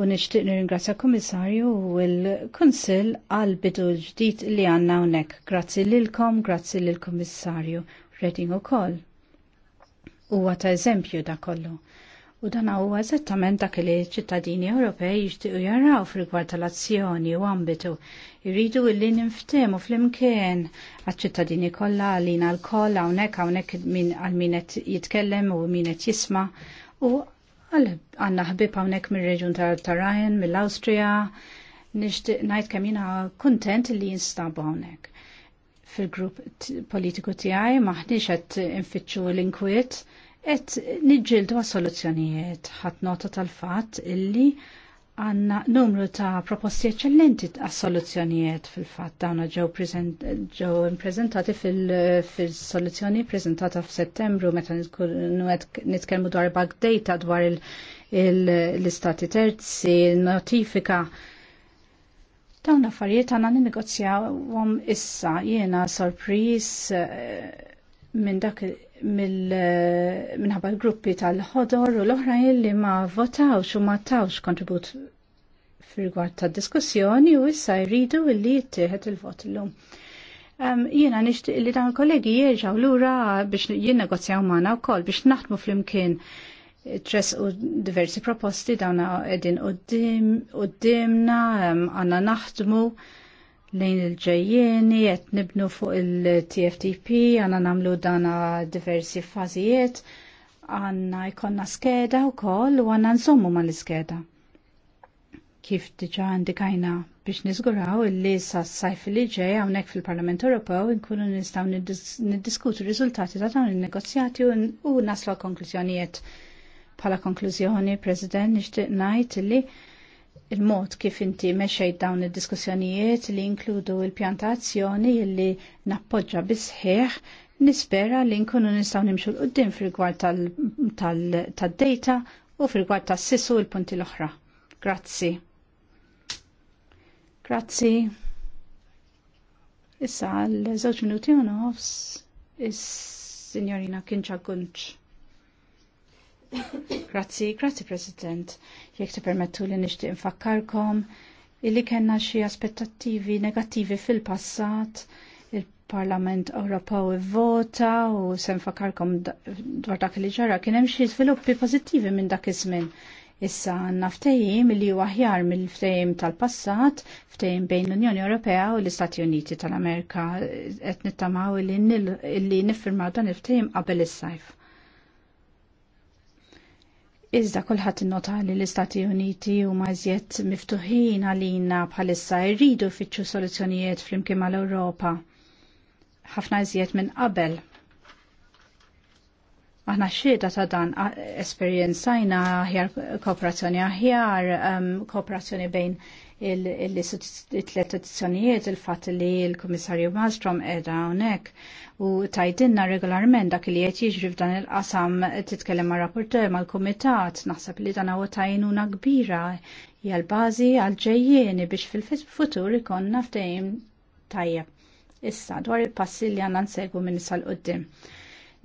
u nixtieq nirringrazzja kummissarju u l kunsil għal bidu ġdid li għandna hawnhekk. Grazzi lilkom, grazzi lill-Kummissarju Reding ukoll. Huwa ta' eżempju da kollu. U dan huwa eżattament dak li ċittadini Ewropej jixtiequ jaraw f'rigward tal-azzjoni u ambitu. Jridu illi fl flimkien għaċ-ċittadini kollha għalina l-koll hawnhekk hawnhekk għal min qed jitkellem u min qed jisma' u Għanna ħbib hawnhekk mir-reġjun ta' tarajan mill-Awstrija, nixtieq ngħid kemm jiena kuntent li jinstabu hawnhekk. Fil-grupp politiku tiegħi maħniex qed infittxu l-inkwiet, għed niġġieldu għas-soluzzjonijiet ħadd nota tal-fatt illi għanna numru ta' proposti eccellenti għas soluzzjonijiet fil-fat dawna ġew prezentati fil-soluzzjoni prezentata f'Settembru meta nitkellmu dwar bug data dwar l-istati terzi, notifika. Dawn affarijiet għanna ninegozjawhom issa jiena sorpriż eh, minn dak Eh, minħabba l-gruppi tal-ħodor u l-oħrajn li ma votawx u ma tawx kontribut fil-rigward ta' diskussjoni u issa jridu li jittieħed il-vot l-lum. Jiena nixtieq li dan kollegi l lura biex jinnegozjaw magħna wkoll biex naħdmu flimkien tres u diversi proposti dawna qegħdin qudiemna għandna naħdmu lejn il-ġejjeni, qed nibnu fuq il-TFTP, għandna namlu dana diversi fażijiet, għanna jkonna skeda u u għanna nżommu ma l-skeda. Kif diġà indikajna biex niżguraw illi sa sajf li ġej hawnhekk fil-Parlament Ewropew nkunu nistgħu niddiskutu r-riżultati ta' dawn il-negozjati u naslu konklużjonijiet. Pala konklużjoni, President, nixtieq ngħid illi il-mod kif inti meċċejt dawn id-diskussjonijiet li inkludu il-pjantazzjoni li nappoġġa bisħiħ nispera li nkunu nistaw nimxu l-qoddim fil-gwar tal-data u fil-gwar tal-sissu il-punti l-oħra. Grazzi. Grazzi. Issa għal żewġ minuti u nofs is signorina Kinċa Gunċ. Grazzi, grazzi President. Jek ti permettu li nixtieq infakkarkom illi kena xie aspettativi negativi fil-passat il-Parlament Ewropew vota u sen fakarkom dwar dak li ġara kien hemm xi żviluppi pożittivi minn dak iż-żmien. Issa għandna ftehim li huwa aħjar mill-ftehim tal-passat, ftehim bejn l-Unjoni Ewropea u l-Istati Uniti tal-Amerika qed nittamaw li niffirmaw dan il-ftehim qabel is-sajf. Iżda kulħadd innota li l-Istati Uniti huma mażjed miftuħin għalina bħalissa jridu jfittxu soluzzjonijiet flimkien mal-Ewropa. Ħafna iżjed minn qabel. Aħna xieda ta' dan esperjenzajna aħjar kooperazzjoni aħjar, um, kooperazzjoni bejn il-istituzzjonijiet il-fat li il-Komissarju Malmstrom edha hawnhekk u tajdinna regolarment dak li qed jiġri f'dan il-qasam titkellem ma' rapporter mal-kumitat naħseb li dan huwa tajnuna kbira jgħal bazi bażi għal-ġejjieni biex fil-futur ikonna ftehim tajjeb. Issa dwar il-passi li għandna nsegwu minn sal-qoddim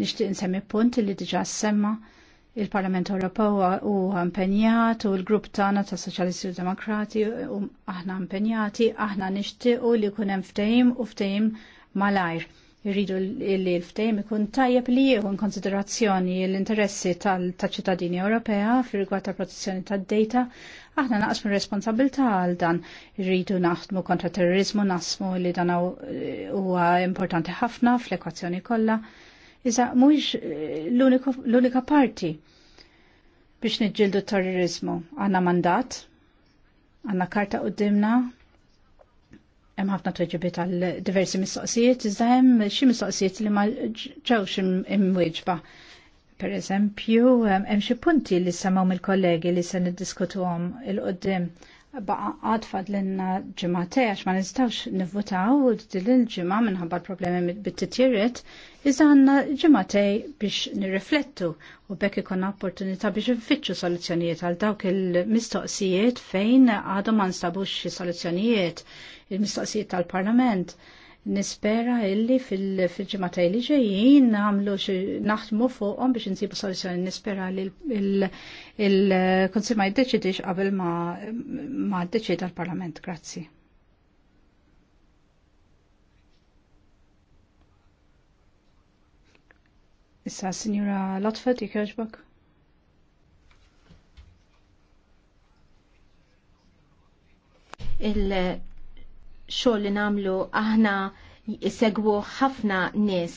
nishtiq nsemmi punt li diġa semma il-Parlament Ewropew huwa impenjat u l-grupp tagħna ta' Soċjalisti u Demokrati u aħna impenjati, aħna nixtiequ li jkun hemm ftehim u ftehim malajr. Irridu li l-ftehim ikun tajjeb li jieħu konsiderazzjoni l-interessi tal-ċittadini Ewropea fir-rigward tal-protezzjoni tad-data aħna naqsmu responsabilta għal dan irridu naħdmu kontra terrorizmu, nasmu li dan huwa importanti ħafna fl-ekwazzjoni kollha iżda mhuwiex eh, l-unika parti biex niġġieldu t terrorizmu. Għandna mandat, għandna karta qudiemna, hemm ħafna tweġibiet għal diversi mistoqsijiet, iżda hemm xi mistoqsijiet li ma ġewx imwieġba. Per eżempju, hemm xi punti li semgħu mill-kollegi li se niddiskutuhom il-qudiem. il qudiem baqa għad fadlenna ġemate għax ma nistawx nivvotaw din il-ġimma minħabba problemi bit-titjiriet, iżda għanna ġematej biex nirriflettu u bekk ikon opportunità biex nfittxu soluzzjonijiet għal dawk il-mistoqsijiet fejn għadhom ma nstabux soluzzjonijiet il-mistoqsijiet tal-Parlament. il il mistoqsijiet tal parlament nispera illi fil-ġimataj li ġejjin namlu naħdmu fuqhom biex nsibu soluzzjoni nispera li il-konsil ma jiddeċidix qabel ma jiddeċida l-Parlament. Grazzi. Issa, Signora Lotfeld, jikħarġbak? il xogħol li nagħmlu aħna segwu ħafna nies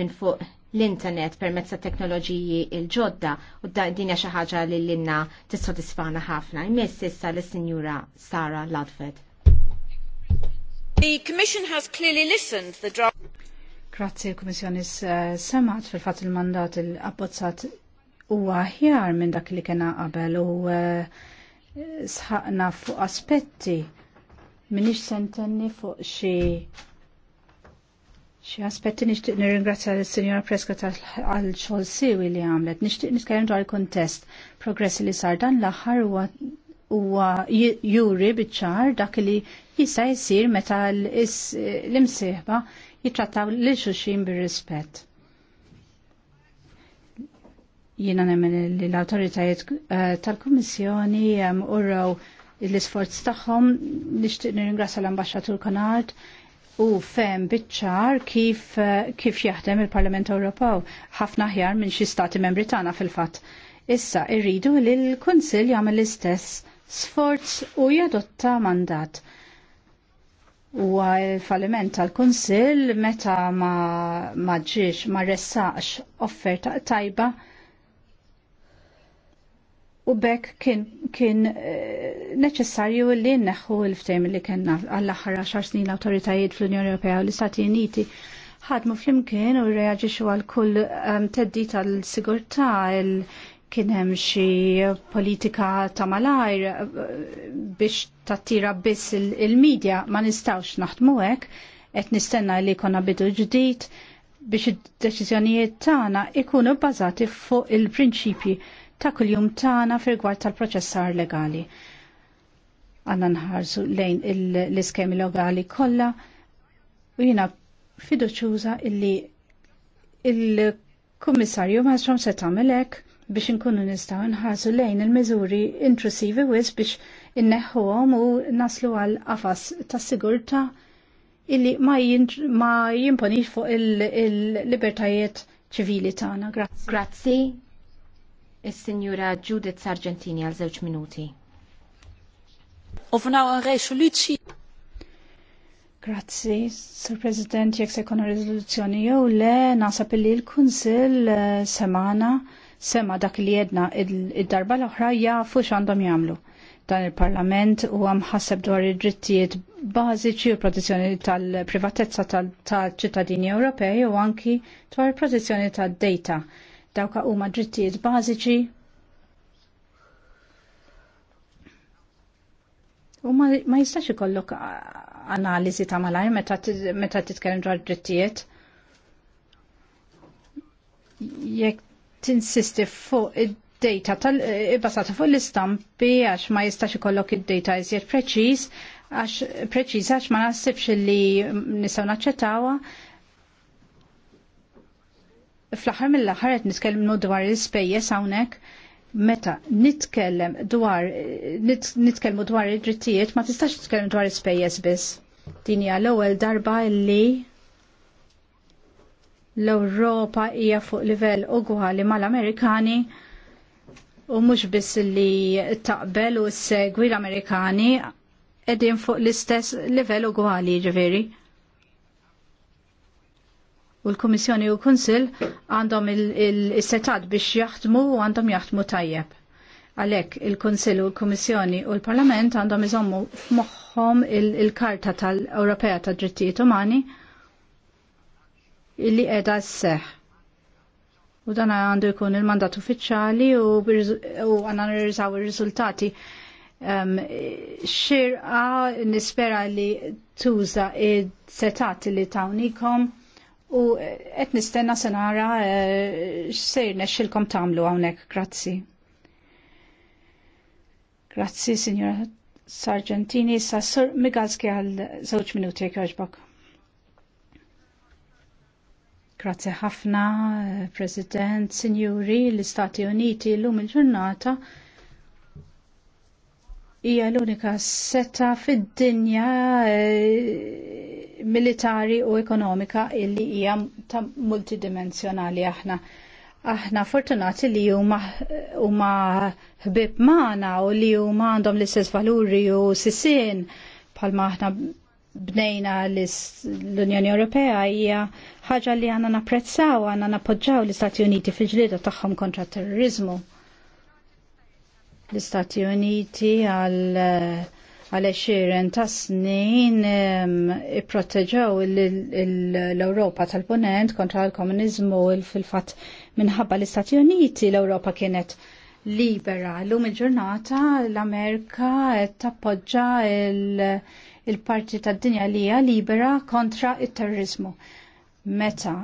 minn fuq l-internet permezz ta' teknoloġiji il-ġodda u dinja xi ħaġa li l-inna tissodisfana ħafna. Jmiss issa l-Sinjura Sara Ladfed. The Commission has clearly listened the draft. Grazie, Kummissjoni eh, semat fil-fat il-mandat il-abbozzat huwa aħjar minn dak li kena qabel u eh, sħaqna fuq aspetti minix sentenni fuq xi xi aspetti nixtieq nirringrazzja l sinjora Preska għal xogħol siwi li għamlet. Nixtieq nitkellem dwar il-kontest progressi li sar dan l-aħħar huwa juri biċ-ċar dak li jista' jsir meta l-imsieħba jittrattaw lil xulxin bir-rispett jiena nemmen li l-autoritajiet eh, tal-Kummissjoni eh, urraw l-isforz tagħhom nixtieq nirringrazzja l-Ambaxxatur Konard u fem bitċar kif, eh, kif jaħdem il-Parlament Ewropew ħafna ħjar minn xi stati membri tagħna fil-fatt. Issa irridu li l-Kunsill jagħmel l-istess sforz u jadotta mandat. U falliment tal-Kunsill meta ma ġiġ ma ressaqx offerta tajba u bekk kien, kien eh, neċessarju li neħu l ftem li kena għall-axar 10 snin l-autoritajiet fl-Unjoni Ewropea u l-Istati Uniti ħadmu flimkien u reagġiċu għal kull um, ehm, teddi tal-sigurta kien hemm xi politika ta' malajr eh, biex tattira biss il-medja ma nistawx naħdmu hekk qed nistenna li jkollna bidu ġdid biex id-deċiżjonijiet tagħna ikunu bbażati fuq il-prinċipji ta' kuljum tagħna fir-rigward tal-proċessar legali. Għanna nħarsu lejn l-iskemi legali kollha u jiena fiduċuża illi il-Kummissarju Mastrom se tagħmel hekk biex inkunu nistaw nħarsu lejn il miżuri intrusivi wis biex inneħħuhom u naslu għal qafas ta' sigurta illi ma, ma jimponix fuq il-libertajiet ċivili tagħna. Grazzi. Grazzi. Is-Sinjura Judith Sargentini għal żewġ minuti. Ovnaw resoluzzji. Grazzi, Sir President, jek se kon rezoluzzjoni jew le nasab li l-Kunsill eh, semana sema dak li jedna id-darba l-oħra jafu x'għandhom jagħmlu dan il-Parlament u għamħaseb dwar id-drittijiet bażiċi u protezzjoni tal-privatezza tal-ċittadini Ewropej u anki dwar protezzjoni tad-data dawk huma drittijiet bażiċi U ma jistax ikollok analiżi ta' malajr meta titkellem dwar drittijiet. Jekk tinsisti fuq id-data tal-basata fuq l-istampi għax ma jistax ikollok id-data iżjed preċiż għax preċiż għax ma nasibx li nistgħu naċċettawha fl-aħħar mill-aħħar qed nitkellmu dwar l-ispejjeż hawnhekk meta nitkellem dwar nitkellmu dwar id-drittijiet ma tistax nitkellmu dwar ispejjeż biss. Din hija l-ewwel darba li l-Ewropa hija fuq livell ugwali mal-Amerikani u mhux biss li taqbel u segwi l-Amerikani qegħdin fuq l-istess livell ugwali ġifieri u l-Komissjoni u l konsil għandhom il-setat biex jaħdmu u għandhom jaħdmu tajjeb. Għalek il konsil u l-Komissjoni u l-Parlament għandhom iżommu moħħom il-Karta tal-Ewropea ta' drittijiet umani illi edha s-seħ. U dan għandu jkun il-mandat uffiċjali u għanna nirżaw il-rizultati um, ehm, xirqa nispera li tuża id-setat li tawnikom u qed eh, nistenna se nara x'sejr eh, nexxilkom tagħmlu hawnhekk. Grazzi. Grazzi, Signora Sargentini, sa Sur Migalski għal żewġ minuti jekk jogħġbok. Grazie ħafna, eh, President, Signori, l-Istati Uniti, l-lum il-ġurnata hija l-unika seta fid-dinja militari u ekonomika illi hija ta' multidimensjonali aħna. Aħna fortunati li huma ħbib magħna u li huma għandhom l-istess valuri u sisin bħalma aħna bnejna l-Unjoni Ewropea hija ħaġa li għandna napprezzaw, għandna napoġġaw l-Istati Uniti fil-ġlieda tagħhom kontra terrorizmu. L-Istati Uniti għal uh, għal xiren ta' snin iprotteġaw l-Europa tal-ponent kontra l-komunizmu fil-fat minħabba l-Istati Uniti l-Europa kienet libera. L-lum il-ġurnata l-Amerika tappoġġa il-parti tad-dinja li hija libera kontra il-terrorizmu. Meta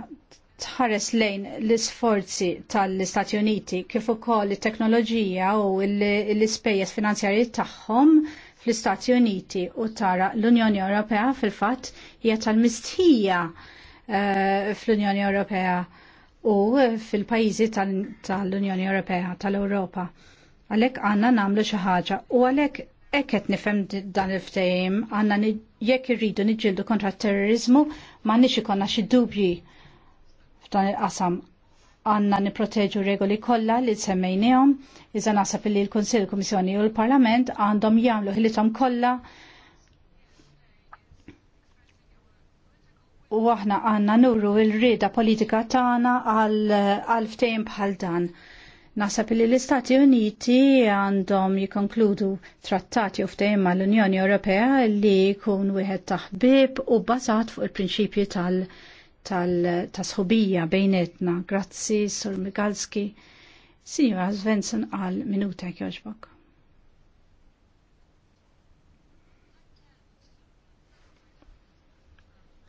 tħares lejn l-isforzi tal-Istati Uniti kif ukoll it-teknoloġija u l-ispejjeż finanzjarji tagħhom fl-Istati Uniti u tara l-Unjoni Ewropea fil-fatt hija tal-mistħija eh, fl-Unjoni Ewropea u fil-pajjiżi tal-Unjoni Ewropea tal-Ewropa. Għalhekk għandna nagħmlu xi ħaġa u għalhekk hekk qed nifhem dan il-ftehim għandna jekk irridu niġġieldu kontra t terrorizmu m'għandniex ikollna xi dubji f'dan il-qasam għanna niproteġu regoli kollha li semmejnihom, iżda naħseb li l-Kunsill, Kummissjoni u l-Parlament għandhom jagħmlu ħilithom kollha u aħna għanna nurru il-rida politika tagħna għal ftehim bħal dan. Naħseb li l-Istati Uniti għandhom jikonkludu trattati u ftehim mal-Unjoni Ewropea li jkun wieħed taħbib u bbażat fuq il-prinċipji tal- tal-tasħobija bejnetna. Grazzi, Sur Migalski. Signora Svensson għal minuta kjoġbok.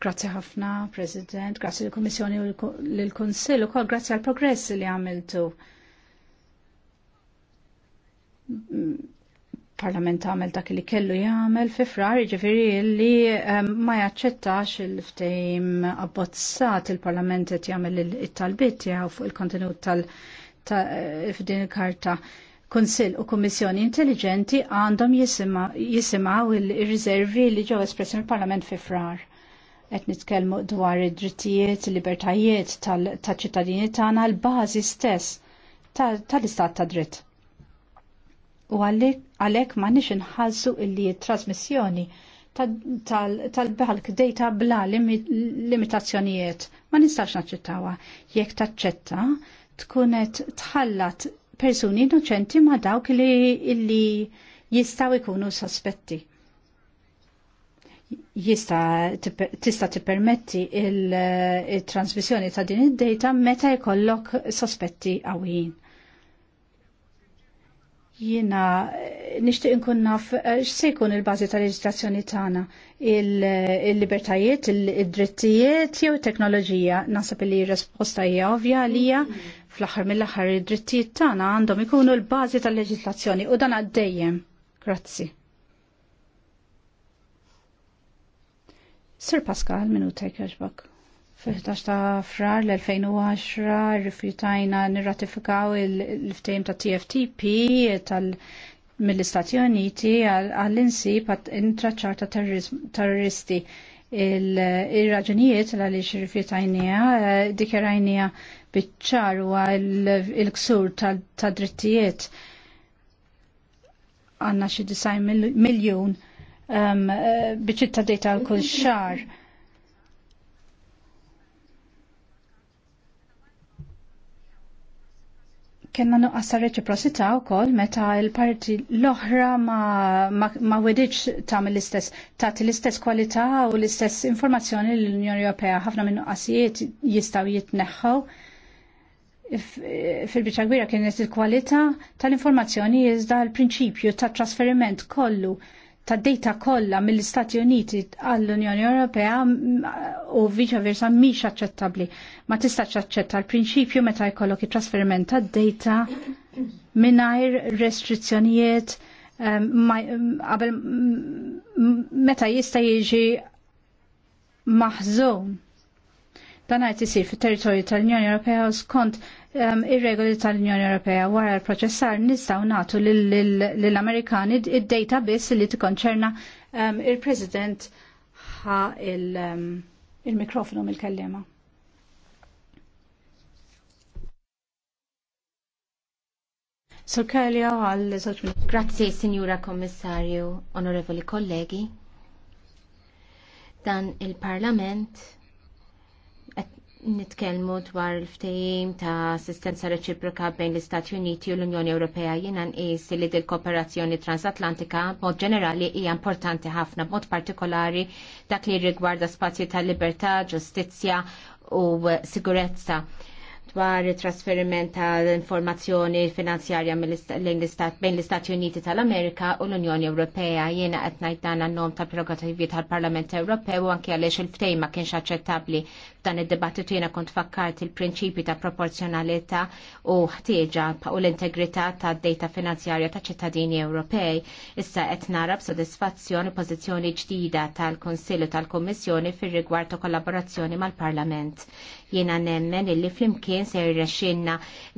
Grazzi ħafna, President, grazzi l-Komissjoni u l-Konsil u kol grazie għal progress li għamiltu parlament għamel dak li kellu jagħmel fi frar ġifiri li ehm, ma jaċċettax il-ftejm abbozzat il-parlament qed jagħmel it-talbiet fuq il-kontenut tal ta, eh, f'din il-karta. Konsil u Komissjoni Intelligenti għandhom jisimaw il rizervi li ġew espressi mill-Parlament fi frar. Qed nitkellmu dwar id-drittijiet, libertajiet tal-ċittadini tagħna l-bażi stess tal-istat ta' dritt. U għalhekk Għalek ma nix nħalsu illi trasmissjoni tal-balk data bla limitazzjonijiet. Ma nistax naċċettawa. Jekk taċċetta, tkunet tħallat persuni innoċenti ma dawk li jistaw ikunu sospetti jista tista tippermetti il-transmissjoni ta' din id-data meta jkollok sospetti għawin. Jina nishtiq nkun naf eh, x'se jkun il-bażi tal-leġislazzjoni tagħna il-libertajiet, il-drittijiet jew teknoloġija. Nasab li r-risposta hija ovvja li hija fl-aħħar mill-aħħar id-drittijiet tagħna għandhom ikunu l-bażi tal-leġislazzjoni u dan għaddejjem. Grazzi. Sir Pascal, minuta jkerġbak. Fil-11 ta' frar l-2010 rifjutajna nirratifikaw il-ftejm ta' TFTP tal- mill-Istati Uniti għall-insib intraċċar ta' terroristi. Il-raġunijiet għaliex rifjutajnija eh, dikjarajnija biċċar u il-ksur ta' drittijiet għanna xi disajn miljun ehm, eh, biċċitta dejta għal kull xar kena nuqqas u wkoll meta l-parti l-oħra ma, ma, ma weditx tagħmel l-istess tagħti l-istess kwalità u l-istess informazzjoni l-Unjoni Ewropea ħafna minn nuqqasijiet jistgħu jitneħħu fil bicċa gbira kienet il-kwalità tal-informazzjoni iżda l-prinċipju tat trasferiment kollu ta' data kollha mill-Istati Uniti għall-Unjoni Ewropea u viċa versa mhix aċċettabbli. Ma tistax aċċetta l-prinċipju meta jkollok it-trasferiment ta' data mingħajr restrizzjonijiet um, um, qabel meta jista' jiġi maħżon Dan għajt isir fit-territorju tal-Unjoni Ewropea u skont um, ir-regoli tal-Unjoni Ewropea wara l-proċessar nistgħu nagħtu lill-Amerikani id-data biss li tikkonċerna um, il-President ħa ehm, il-mikrofonu um, il mill-kellima. Sur Kalja għal Grazie, Signora Kommissarju, Onorevoli Kollegi. Dan il-Parlament nitkellmu dwar il-ftehim ta' assistenza reċiproka bejn l-Istati Uniti u l-Unjoni Ewropea jiena nqis li dil kooperazzjoni transatlantika b'mod ġenerali hija importanti ħafna b'mod partikolari dak li rigwarda spazju ta' libertà, ġustizzja u sigurezza dwar trasferiment tal-informazzjoni finanzjarja bejn l-Istati Uniti tal-Amerika u l-Unjoni Ewropea jiena qed ngħid dan għan-nom ta' prerogativi tal-Parlament Ewropew u anke għaliex il-ftejn ma kienx aċċettabbli f'dan id-dibattitu jiena kont fakkart il-prinċipi ta' proporzjonalità u ħtieġa u l-integrità tad-dejta finanzjarja ta' ċittadini Ewropej. Issa qed nara b'sodisfazzjoni pożizzjoni ġdida tal-Kunsill u tal-Kummissjoni fir-rigward ta' kollaborazzjoni mal-Parlament Jiena nemmen illi flimkien se jirrexxinna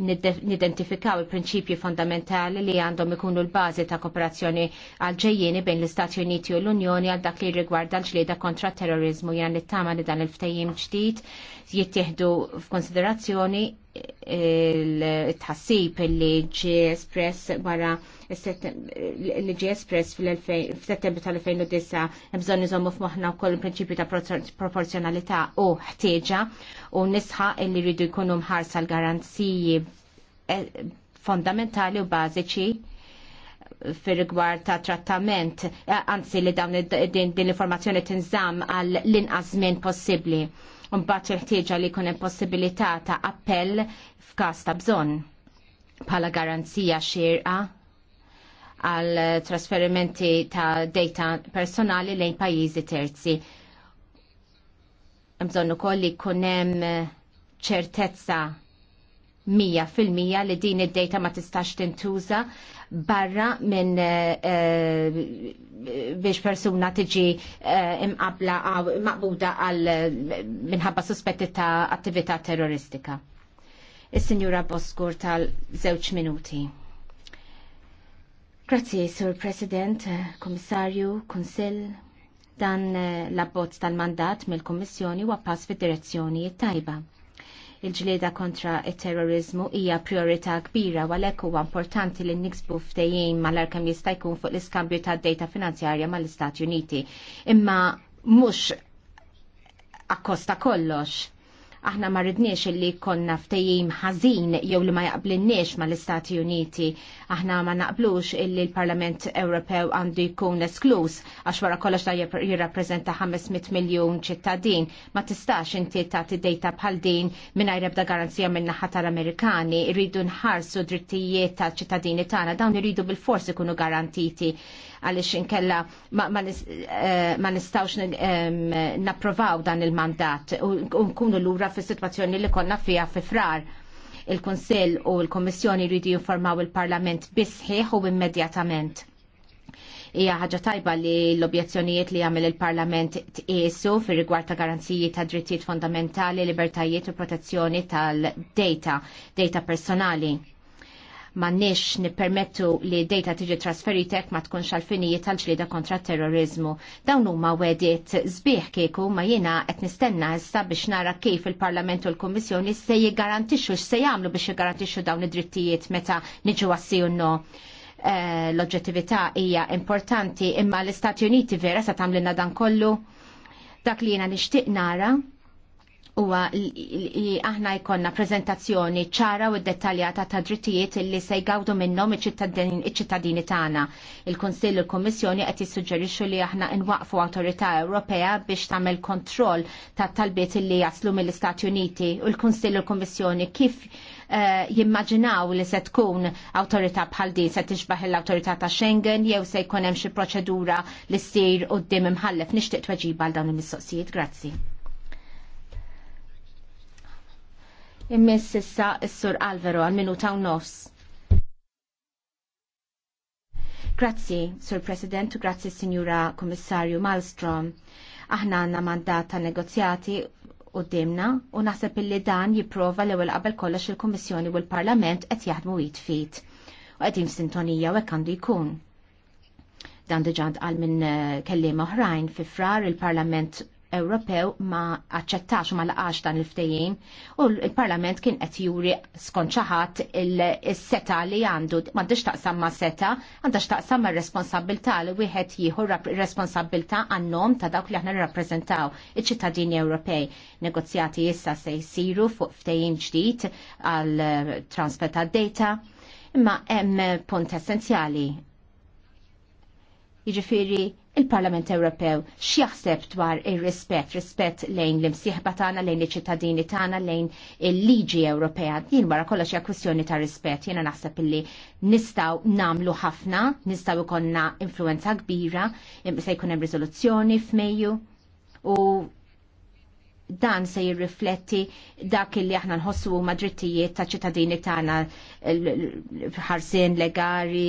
nidentifikaw il-prinċipji fondamentali li għandhom ikunu l-bażi ta' kooperazzjoni għal bejn l-Istati Uniti u l-Unjoni għal dak li rigward l-ġlieda kontra terrorizmu. Jiena nittama li dan il ftajim ġdid jittieħdu f'konsiderazzjoni il-tħassib li ġie espress wara li ġie espress fil-settembru tal-2009 nizomu f f'moħħna wkoll il-prinċipju ta' proporzjonalità u ħtieġa u nisħa li rridu jkunu mħarsa l-garanziji e, fondamentali u bażiċi fir rigward ta' trattament, e, anzi li dawn din l-informazzjoni tinżam għal l-inqas żmien possibbli. Mbagħad il-ħtieġa li jkun hemm possibilità ta' appell f'każ ta' bżonn bħala garanzija xierqa għal trasferimenti ta' data personali lejn pajjiżi terzi. Mżonnu koll li kunem eh, ċertezza fil-mija li din id-data ma tistax tintuża barra minn eh, eh, biex persuna tiġi imqabla maqbuda għal minħabba sospetti ta' attività terroristika. Is-Sinjura Boskur tal-żewġ minuti. Grazie, Sur President, Komissarju, Konsil. Dan eh, l-abbozz tal-mandat mill-Kommissjoni huwa pass fid-direzzjoni tajba. Il-ġlieda kontra il-terrorizmu hija priorità kbira għalhekk huwa importanti li niksbu ftehim mal-arkam jista' jkun fuq l-iskambju ta' data finanzjarja mal-Istati Uniti. Imma mhux akkosta kollox Aħna ma ridniex illi konna ftejjim ħażin jew li ma jaqblinniex mal-Istati Uniti. Aħna ma naqblux illi l-Parlament Ewropew għandu jkun esklus għax wara kollox da jirrappreżenta 500 miljun ċittadin. Ma tistax inti tagħti dejta bħal din mingħajr ebda garanzija minn naħa tal-Amerikani, rridu nħarsu drittijiet tal-ċittadini tagħna dawn irridu bil-forsi kunu garantiti għaliex inkella ma eh, nistawx napprovaw dan il-mandat u nkunu lura fis-sitwazzjoni li konna fiha fi frar il-Konsil u l-Komissjoni jridu jinformaw il-Parlament bisħiħ u immedjatament. Hija ħaġa tajba li l-objezzjonijiet li jagħmel il-Parlament t-esu fi rigward ta' garanziji ta' drittijiet fondamentali, libertajiet u protezzjoni tal-data, data personali m'għandniex nippermettu li data tiġi trasferitek ma tkunx għalfinijiet tal-ġlieda kontra terrorizmu. Dawn huma wediet sbieħ kieku ma jiena qed nistenna issa biex nara kif il-Parlament u l-Kummissjoni se jiggarantixxu x'se jagħmlu biex jiggarantixxu dawn id-drittijiet meta niġu assi no eh, l-oġġettività hija importanti imma l-Istati Uniti vera se tagħmlilna dan kollu dak li jiena nixtieq nara huwa li aħna jkollna prezentazzjoni ċara u dettaljata ta' drittijiet li se jgawdu minnhom iċ-ċittadini tagħna. Il-Kunsill u l-Kummissjoni qed jissuġġerixxu li aħna nwaqfu Awtorità Ewropea biex tagħmel kontroll ta' talbiet li jaslu mill-Istati Uniti u l-Kunsill u l-Kummissjoni kif eh, jimmaġinaw li se tkun awtorità bħal din se tixbaħ l-awtorità ta' Schengen jew se jkun hemm xi proċedura li ssir quddiem imħallef nixtieq tweġiba għal dawn il-mistoqsijiet. Grazzi. Immiss issa s-sur Alvaro għal minuta u nofs. Grazzi, Sur President, u grazzi, Signora Kommissarju Malmstrom. Aħna għanna mandat negozjati u dimna u naħseb li dan jiprofa l ewwel qabel kollox il-Kommissjoni u l-Parlament qed jaħdmu jitfit u qegħdin sintonija u hekk għandu jkun dan diġant għal minn eh, kellim oħrajn fi frar il-Parlament Ewropew ma aċċettax u ma laqax dan il-ftejjim u l-Parlament kien qed juri skont xi ħadd is-seta li għandu m'għandix taqsam ma' seta, għandax taqsam ma' responsabilità li wieħed jieħu responsabilità għan-nom ta' dawk li aħna nirrappreżentaw iċ-ċittadini Ewropej. Negozjati issa se jsiru fuq ftejjim ġdid għal transfer ta' data imma hemm punt essenzjali. Jiġifieri il-Parlament Ewropew x'jaħseb dwar ir-rispett, rispett lejn l-imsieħba tagħna, lejn iċ-ċittadini tagħna, lejn il-liġi Ewropea. Jien wara kollox hija kwistjoni ta' rispett, jiena naħseb illi nistgħu nagħmlu ħafna, nistgħu ikollna influenza kbira, se jkun hemm riżoluzzjoni f'Mejju u dan se jirrifletti dak li aħna nħossu huma drittijiet ta' ċittadini tagħna ħarsien legali,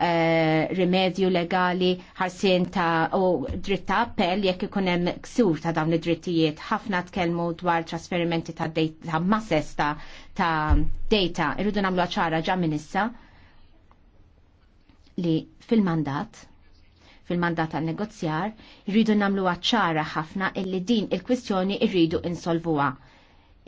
eh, rimedju legali, ħarsien ta' u dritt ta' appell jekk ikun hemm ksur ta' dawn id-drittijiet. Ħafna tkellmu dwar trasferimenti ta' data masses ta' ta' data. Irridu nagħmlu ċara ġa minn issa li fil-mandat fil-mandat tan negozjar jridu namlu ċara ħafna illi din il-kwistjoni jridu insolvuha.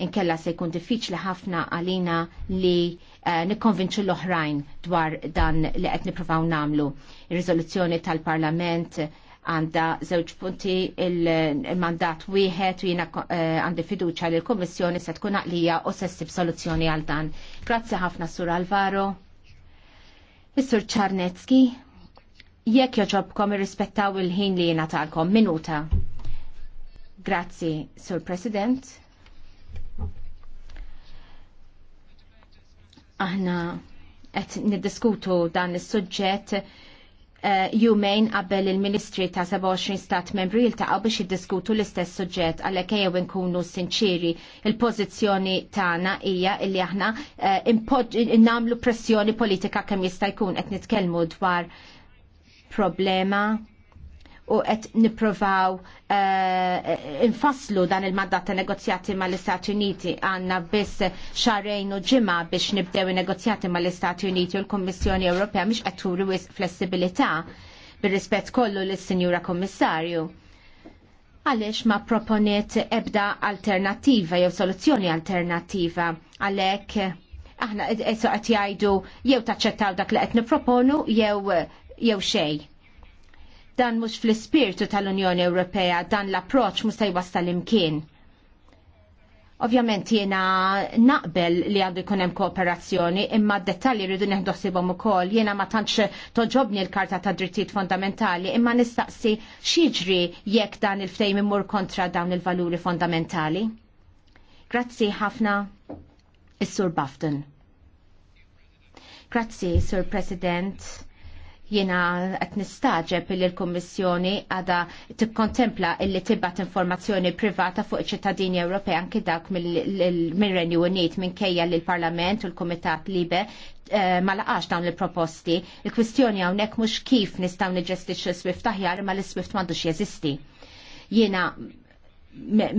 Inkella se jkun diffiċli ħafna għalina li uh, nikkonvinċu l-oħrajn dwar dan li qed nippruvaw namlu. Ir-riżoluzzjoni tal-Parlament għanda żewġ punti il-mandat wieħed u jiena eh, għandi fiduċa li l-Kummissjoni se tkun għalija u se ssib soluzzjoni għal dan. Grazzi ħafna Sur Alvaro. Is-Sur Czarnecki jekk joġobkom irrispettaw il-ħin li jena talkom. Minuta. Grazzi, Sur President. Aħna qed niddiskutu dan is-suġġett eh, jumejn qabel il-Ministri ta' 27 stat membri jiltaqgħu biex jiddiskutu l-istess suġġett għalhekk jew inkunu sinċiri. Il-pożizzjoni tagħna hija li aħna eh, nagħmlu pressjoni politika kemm jista' jkun qed nitkellmu dwar problema u qed niprovaw uh, eh, infaslu dan il-mandat ta' negozjati mal istati Uniti għanna biss xarrejn u ġimma biex nibdew negozjati mal istati Uniti u l-Kommissjoni Ewropea mhix qed turi wis flessibilità bir-rispett kollu lis-Sinjura Kommissarju. Għaliex ma proponiet ebda alternativa jew soluzzjoni alternativa għalhekk aħna qed jgħidu jew taċċettaw dak li qed nipproponu jew jew xej. Dan mhux fl-ispirtu tal-Unjoni Ewropea, dan l-approċ mhux se jwassal imkien. Ovvjament jiena naqbel li għandu jkun hemm kooperazzjoni, imma d-dettalji rridu neħdossibhom ukoll. Jiena ma tantx toġobni l-Karta ta' Drittijiet Fondamentali, imma nistaqsi x'jiġri jekk dan il-ftejm imur kontra dawn il-valuri fondamentali. Grazzi ħafna, is-Sur Bafton. Grazzi, Sur President Jiena qed nistaġeb li l-Kummissjoni għada tikkontempla illi tibgħat informazzjoni privata fuq iċ-ċittadini Ewropej anki dak mill renju Unit minkejja li l-Parlament u l-Kumitat Libe eh, ma laqax dawn il-proposti. Il-kwistjoni hawnhekk mhux kif nistgħu s Swift aħjar ma l-Swift m'għandux jeżisti. Jiena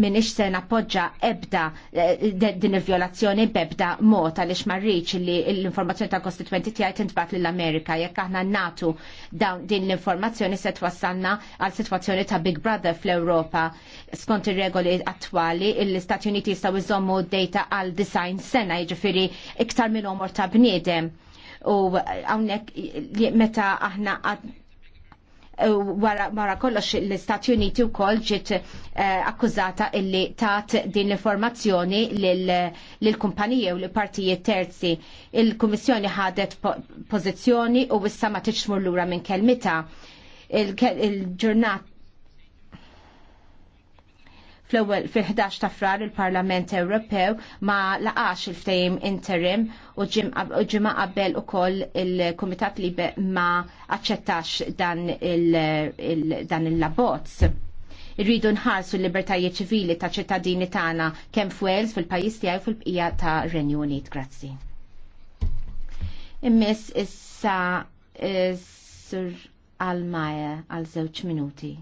minix se nappoġġa ebda eh, din il-violazzjoni bebda mod għaliex marriċ li l-informazzjoni ta' kostituenti tiegħi tintbat lill-Amerika jekk aħna natu dawn din l-informazzjoni se twassalna għal sitwazzjoni ta' Big Brother fl-Ewropa skont ir-regoli attwali l-Istati Uniti jistgħu jżommu data għal design sena jiġifieri iktar minn omor ta' bniedem u għawnek meta aħna wara kollox l-Istati Uniti wkoll ġiet eh, akkużata illi tat din l-informazzjoni lill-kumpaniji u l-partijiet terzi. Il-Kummissjoni ħadet pożizzjoni u issa ma tixmur lura minn kelmita il-ġurnat fl-ewwel fil-11 ta' frar il-Parlament Ewropew ma laqax il-ftehim interim u ġimgħa qabel ukoll il-Kumitat Libe ma aċċettax dan il-labbozz. Il Irridu nħarsu l-libertajiet ċivili ta' ċittadini tagħna kemm f'Wales fil-pajjiż tiegħu fil-bqija ta' Renju Unit. Grazzi. Immiss issa eh, Sur Almaja għal żewġ minuti.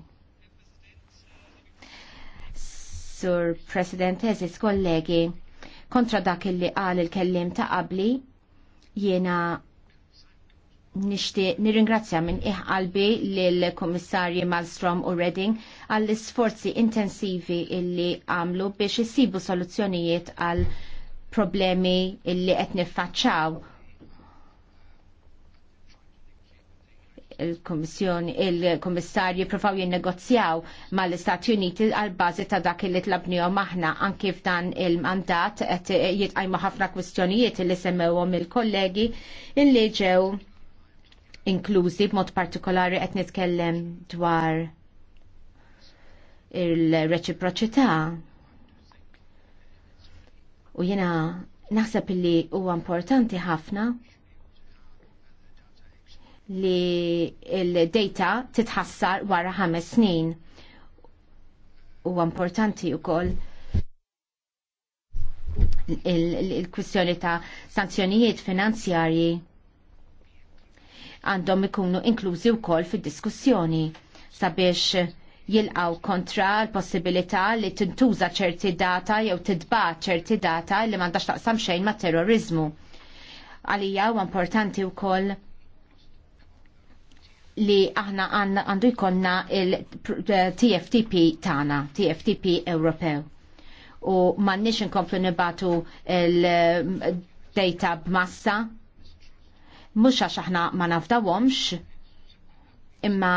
Sur President Eżis, kollegi, kontra dak li qal il-kellim ta' qabli, jiena nishtiq nirringrazzja minn iħqalbi lill-Komissarji Malmstrom u Redding għall isforzi intensivi illi għamlu biex jisibu soluzzjonijiet għal problemi illi qed niffaċċaw il-Komissjoni, il-Komissarji provaw jinnegozjaw mal-Istati Uniti għal bażi ta' dak li tlabnijom aħna anki f'dan il-mandat qed jitqajmu ħafna kwistjonijiet li semmewhom il-kollegi illi ġew inklużi b'mod partikolari qed nitkellem dwar il-reċiproċità. U jena naħseb li huwa importanti ħafna li il-data titħassar wara ħames snin. U importanti u koll il-kwistjoni ta' sanzjonijiet finanzjarji għandhom ikunu inklużi u koll fil-diskussjoni sabiex jilqaw kontra l-possibilità li tintuża ċerti data jew tidba ċerti data li m'għandax taqsam xejn ma' terrorizmu. Għalija u importanti wkoll li aħna għandu jkonna il-TFTP tana, TFTP Ewropew. U mannix nkomplu nibatu il-data um, b'massa, mux għax aħna ma nafdawomx, imma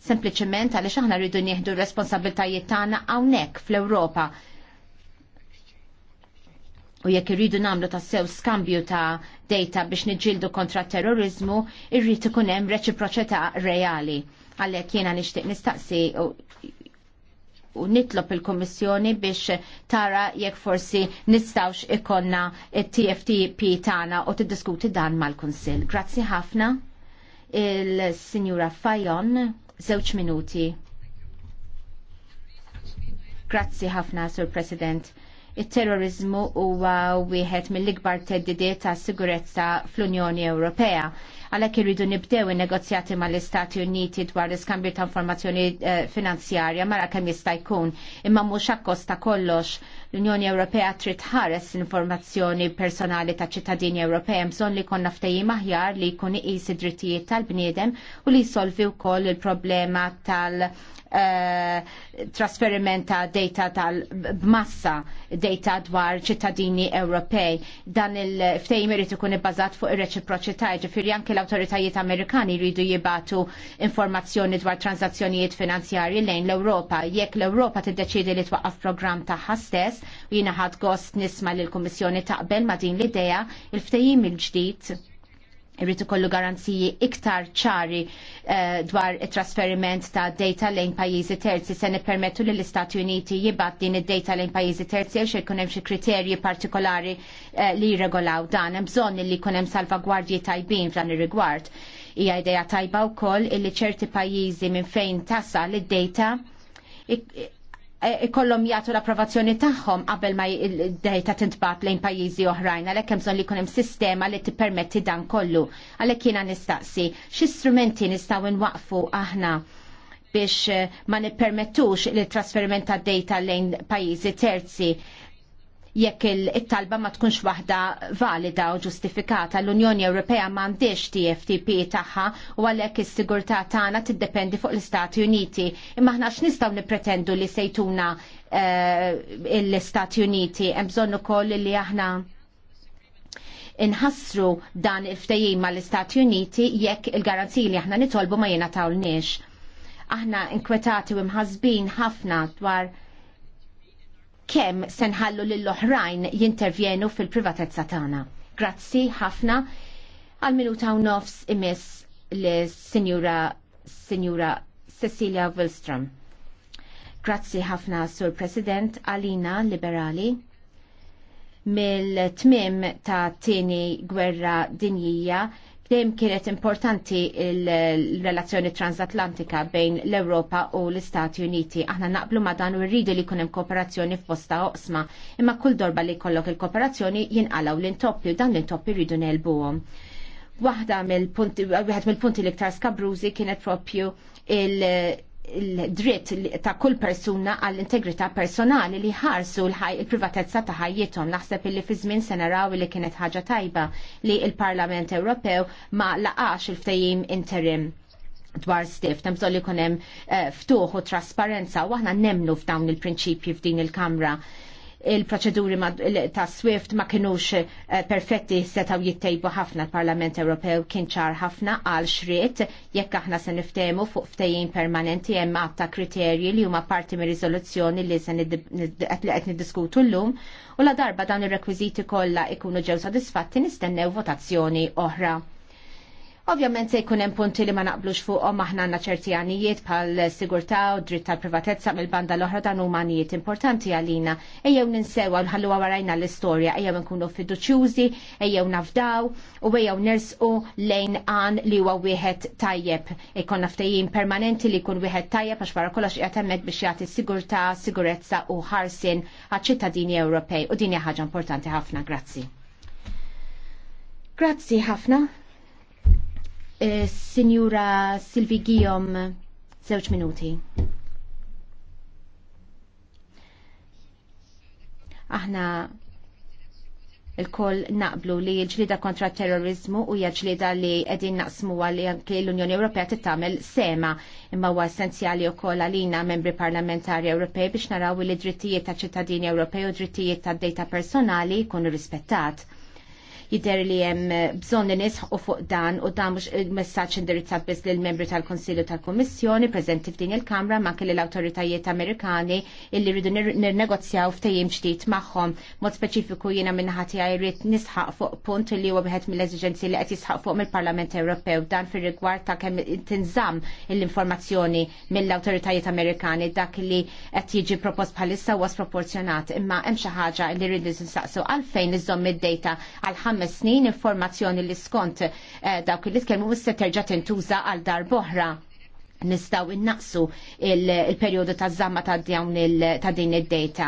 sempliciment għaliex aħna rridu nieħdu r-responsabiltajiet tagħna hawnhekk fl-Ewropa u jekk irridu namlu ta' sew skambju ta' data biex niġġieldu kontra terrorizmu, irrid ikun hemm reċiproċità reali. Għalhekk jiena nixtieq nistaqsi u nitlob il-Kommissjoni biex tara jekk forsi nistawx ikonna t tftp tagħna u tiddiskuti dan mal-Kunsill. Grazzi ħafna il-Sinjura Fajon, żewġ minuti. Grazzi ħafna, Sur President Il-terrorizmu huwa wieħed mill-ikbar teddidiet ta' sigurezza fl-Unjoni Ewropea. Għalhekk irridu nibdew in-negozjati mal-Istati Uniti dwar l-iskambju ta' informazzjoni eh, finanzjarja mara kemm jista' jkun imma mhux akkosta kollox L-Unjoni Ewropea trid ħares l-informazzjoni personali ta' ċittadini Ewropea bżonn li konna ftejim aħjar li jkun iqis id-drittijiet tal-bniedem u li jsolvi wkoll il-problema tal-trasferiment eh, ta' data tal-bmassa, data dwar ċittadini Ewropej. Dan il ftejim irid ikun ibbażat fuq ir-reċiproċità, ġifieri anke l-awtoritajiet Amerikani jridu jibatu informazzjoni dwar transazzjonijiet finanzjarji lejn l-Ewropa. Jekk l-Ewropa tiddeċiedi li twaqqaf programm tagħha stess, u jiena ħad gost nisma li l-Kummissjoni taqbel ma' din l-idea il ftajim il-ġdid irrid ikollu garanziji iktar ċari uh, dwar it-trasferiment ta' data lejn pajjiżi terzi se nippermettu li l-Istati Uniti jibgħat din id-data lejn pajjiżi terzi għax ikun hemm xi kriterji partikolari uh, li jirregolaw dan. Hemm bżonn li jkun hemm salvagwardji tajbin f'dan ir-rigward. Hija idea tajba wkoll illi ċerti pajjiżi minn fejn tasal id-data Eh, ikollhom jagħtu l-approvazzjoni tagħhom qabel ma d-dejta tintbagħat lejn pajjiżi oħrajn għalhekk hemm bżonn li jkun hemm sistema li tippermetti dan kollu. Għalhekk jiena nistaqsi x'istrumenti nistgħu nwaqfu aħna biex eh, ma nippermettux li trasferiment ta' dejta lejn pajjiżi terzi jekk il-talba ma tkunx waħda valida u ġustifikata, l-Unjoni Ewropea m'għandix TFTP tagħha u għalhekk is-sigurtà tagħna tiddependi fuq l-Istati Uniti. Imma aħna x'nistgħu nippretendu li sejtuna eh, l-Istati Uniti hemm bżonn ukoll li aħna inħassru dan il-ftejjim mal-Istati Uniti jekk il-garanziji li aħna nitolbu ma jingħatawlniex. Aħna inkwetati u imħazbin ħafna dwar kemm se nħallu lill-oħrajn jintervjenu fil-privatezza tagħna. Grazzi ħafna għal minuta u nofs imiss l-Sinjura Sinjura Cecilia Wilstrom. Grazzi ħafna Sur President Alina Liberali mill-tmim ta' tieni gwerra dinjija Dejjem kienet importanti l relazzjoni transatlantika bejn l-Ewropa u l-Istati Uniti. Aħna naqblu ma dan u rridu li kunem kooperazzjoni f'posta oqsma, imma kull darba li kollok il-kooperazzjoni jinqalaw l-intoppi u dan l-intoppi rridu nelbuhom. Waħda mill-punti, mill-punti l-iktar skabrużi kienet propju il- il-dritt ta' kull persuna għall-integrità personali li ħarsu l-privatezza ta' ħajjithom. Naħseb illi fi żmien se naraw li kienet ħaġa tajba li il-Parlament Ewropew ma laqax il ftajim interim dwar stif, temżol li kunem eh, ftuħ u trasparenza u aħna nemnu f'dawn il-prinċipji f'din il-Kamra. il prinċipji fdin il kamra il-proċeduri ta' Swift ma kienux eh, perfetti setaw jittejbu ħafna l-Parlament Ewropew kien ċar ħafna għal xriet jekk aħna se niftemu fuq ftejjin permanenti hemm għatta kriterji li huma parti mir riżoluzzjoni li se qed niddiskutu llum u la darba dan ir-rekwiżiti kollha ikunu ġew sodisfatti nistennew votazzjoni oħra. Ovvjament se jkun hemm punti li ma naqblux fuqhom aħna għandna ċerti għanijiet bħal sigurtà u dritt tal-privatezza mill-banda l-oħra dan huma għanijiet importanti għalina. Ejjew ninsewa nħalluha warajna l-istorja, ejjew nkunu fiduċjużi, ejjew nafdaw u ejjew nersqu lejn għan li huwa wieħed tajjeb. Ikonna ftehim permanenti li jkun wieħed tajjeb għax wara kollox qiegħed hemmhekk biex jagħti sigurtà, sigurezza u ħarsin għaċ-ċittadini Ewropej u din hija ħaġa importanti ħafna. Grazzi. Grazzi ħafna. Eh, Signora Silvi Gijom, zewċ minuti. Aħna il-koll naqblu li l-ġlida kontra terrorizmu u ġlida li edin naqsmu għalli anke l-Unjoni Ewropea tittamel sema imma huwa essenzjali u koll għalina membri parlamentari Ewropej biex naraw li drittijiet ta' ċittadini Ewropej u drittijiet ta' data personali kunu rispettat jider li hemm bżonn nisħu fuq dan u dan mhux messaġġ indirizzat biss lill membri tal-Konsilju tal-Kummissjoni preżenti f'din il-Kamra ma kelli l-awtoritajiet Amerikani illi rridu nirnegozjaw ftehim ġdid magħhom. Mod speċifiku jiena minnaħati jrid nisħaq fuq punt li huwa biħet mill-eżiġenzi li qed jisħaq fuq mill-Parlament Ewropew dan fil-rigwar ta' kemm tinżamm l-informazzjoni mill-awtoritajiet Amerikani dak li qed jiġi propost bħalissa u għas proporzjonat, imma hemm xi ħaġa li rridu nsaqsu għalfejn iżomm id-data għal 5 snin informazzjoni li skont eh, dawk li tkellmu issa terġa' tintuża għal dar boħra nistaw innaqsu il-perjodu ta' żamma ta' ta' din id-data.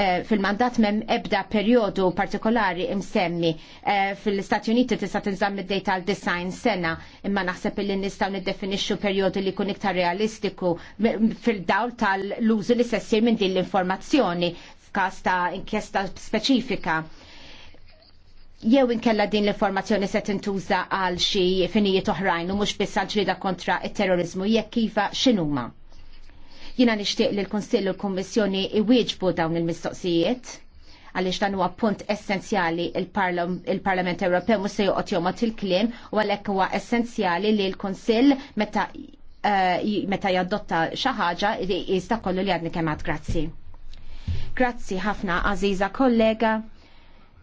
Eh, fil-mandat mem ebda perjodu partikolari imsemmi eh, fil-Stati Uniti tista' tinżamm id-data għal design sena imma naħseb li nistgħu niddefinixxu periodu li jkun iktar realistiku fil-dawl tal-użu li se ssir minn din l-informazzjoni f'każ ta' inkjesta speċifika jew inkella din l-informazzjoni se tintuża għal xi finijiet oħrajn u mhux biss għal ġrida kontra it-terrorizmu jekk iva x'inhuma. Jiena nixtieq li l-Kunsill u l-Kummissjoni iwieġbu dawn il-mistoqsijiet għaliex dan huwa punt essenzjali il-Parlament Ewropew mhux se joqgħod jomgħod il-kliem u għalhekk huwa essenzjali li l-Kunsill meta eh, meta jadotta xi ħaġa jista' kollu li għadni kemm grazzi. Grazzi ħafna Aziza kollega.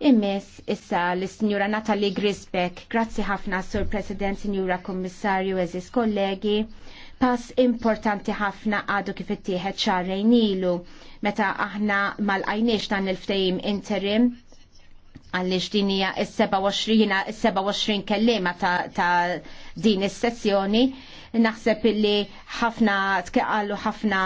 Immis issa l-Sinjura Natalie Grisbeck, grazzi ħafna Sur President, Sinjura Kommissarju, eżis kollegi, pass importanti ħafna għadu kif ittieħed ċarrejn ilu meta aħna mal-għajniex dan il-ftejim interim għalliex din hija s-27 kellima ta', ta din is-sessjoni Naħseb illi ħafna tkeqallu ħafna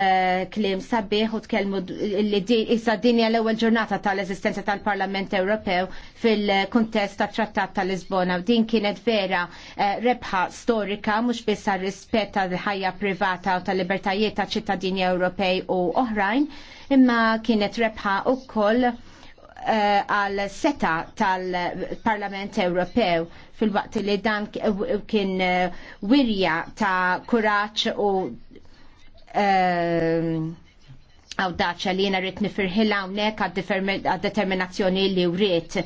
eh, kliem sabiħ u tkellmu li issa dinja l-ewwel ġurnata tal-eżistenza tal-Parlament Ewropew fil-kuntest tat trattat tal-Lisbona din kienet vera eh, rebħa storika mhux biss għar-rispett tal-ħajja privata u tal-libertajiet ta' ċittadini Ewropej u oħrajn imma kienet rebħa ukoll Eh, għal uh, seta tal-Parlament Ewropew fil-waqt li dan kien uh, wirja ta' kuraċ u għawdaċa eh, li jena rrit nifirħila għawnek għad determinazzjoni li writ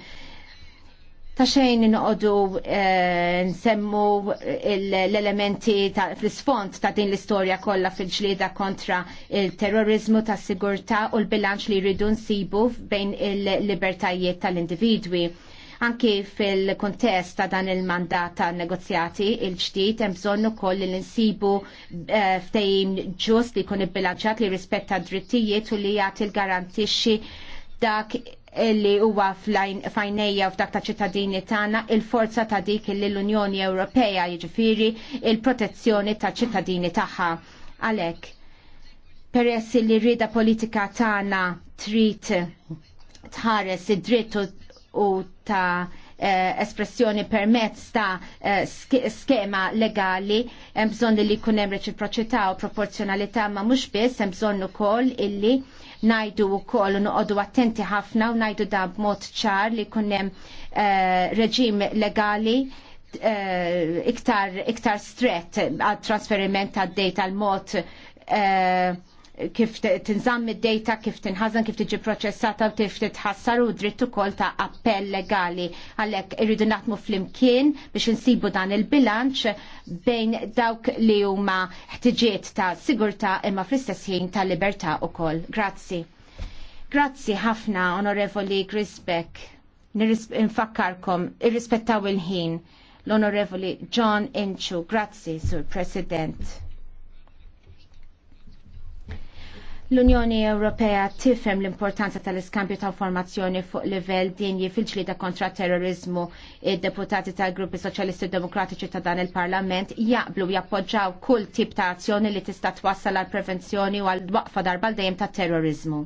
ta' xejn noqogħdu eh, nsemmu eh, l-elementi fl-isfond ta' din l-istorja kollha fil-ġlieda kontra il-terrorizmu ta' sigurtà u l-bilanċ li jridu nsibu bejn il-libertajiet tal-individwi. Anki fil-kontest ta' dan il-mandat ta' negozjati il-ġdid hemm bżonn ukoll li nsibu eh, ftehim ġust li jkun ibbilanċat li rispetta d drittijiet u li jagħti l-garantixxi dak li huwa fajnejja u f'dak ta' ċittadini tagħna il-forza ta' dik illi l-Unjoni Ewropea jiġifieri il-protezzjoni ta' ċittadini tagħha. Għalhekk peress li rida politika tagħna trid tħares id-dritt u ta' Eh, espressjoni permezz ta' eh, skema legali, hemm bżonn li jkun hemm reċiproċità u proporzjonalità ma mhux biss hemm bżonn ukoll illi najdu u koll u noqogħdu attenti ħafna u najdu da b'mod ċar li kunnem uh, eh, reġim legali uh, iktar, iktar stret għal trasferiment għad dejta għal mod uh, kif tinżamm id-data, kif tinħazan, kif tiġi proċessata u kif titħassar u dritt ukoll ta' appell legali. Għalhekk irridu naħdmu flimkien biex insibu dan il-bilanċ bejn dawk li huma ħtiġiet ta' sigurtà imma fl-istess ħin ta' libertà ukoll. Grazzi. Grazzi ħafna, Onorevoli Grisbeck. Nfakkarkom, irrispettaw il-ħin. L-Onorevoli John Inchu. Grazzi, Sur President. L-Unjoni Ewropea tifhem l-importanza tal-iskambju ta' informazzjoni fuq livell dinji fil ta' kontra terrorizmu id-deputati tal-Gruppi Soċjalisti Demokratiċi ta' dan il-Parlament jaqblu jappoġġaw kull tip ta' azzjoni li tista' twassal għal prevenzjoni u għal waqfa darba dejjem ta' terrorizmu.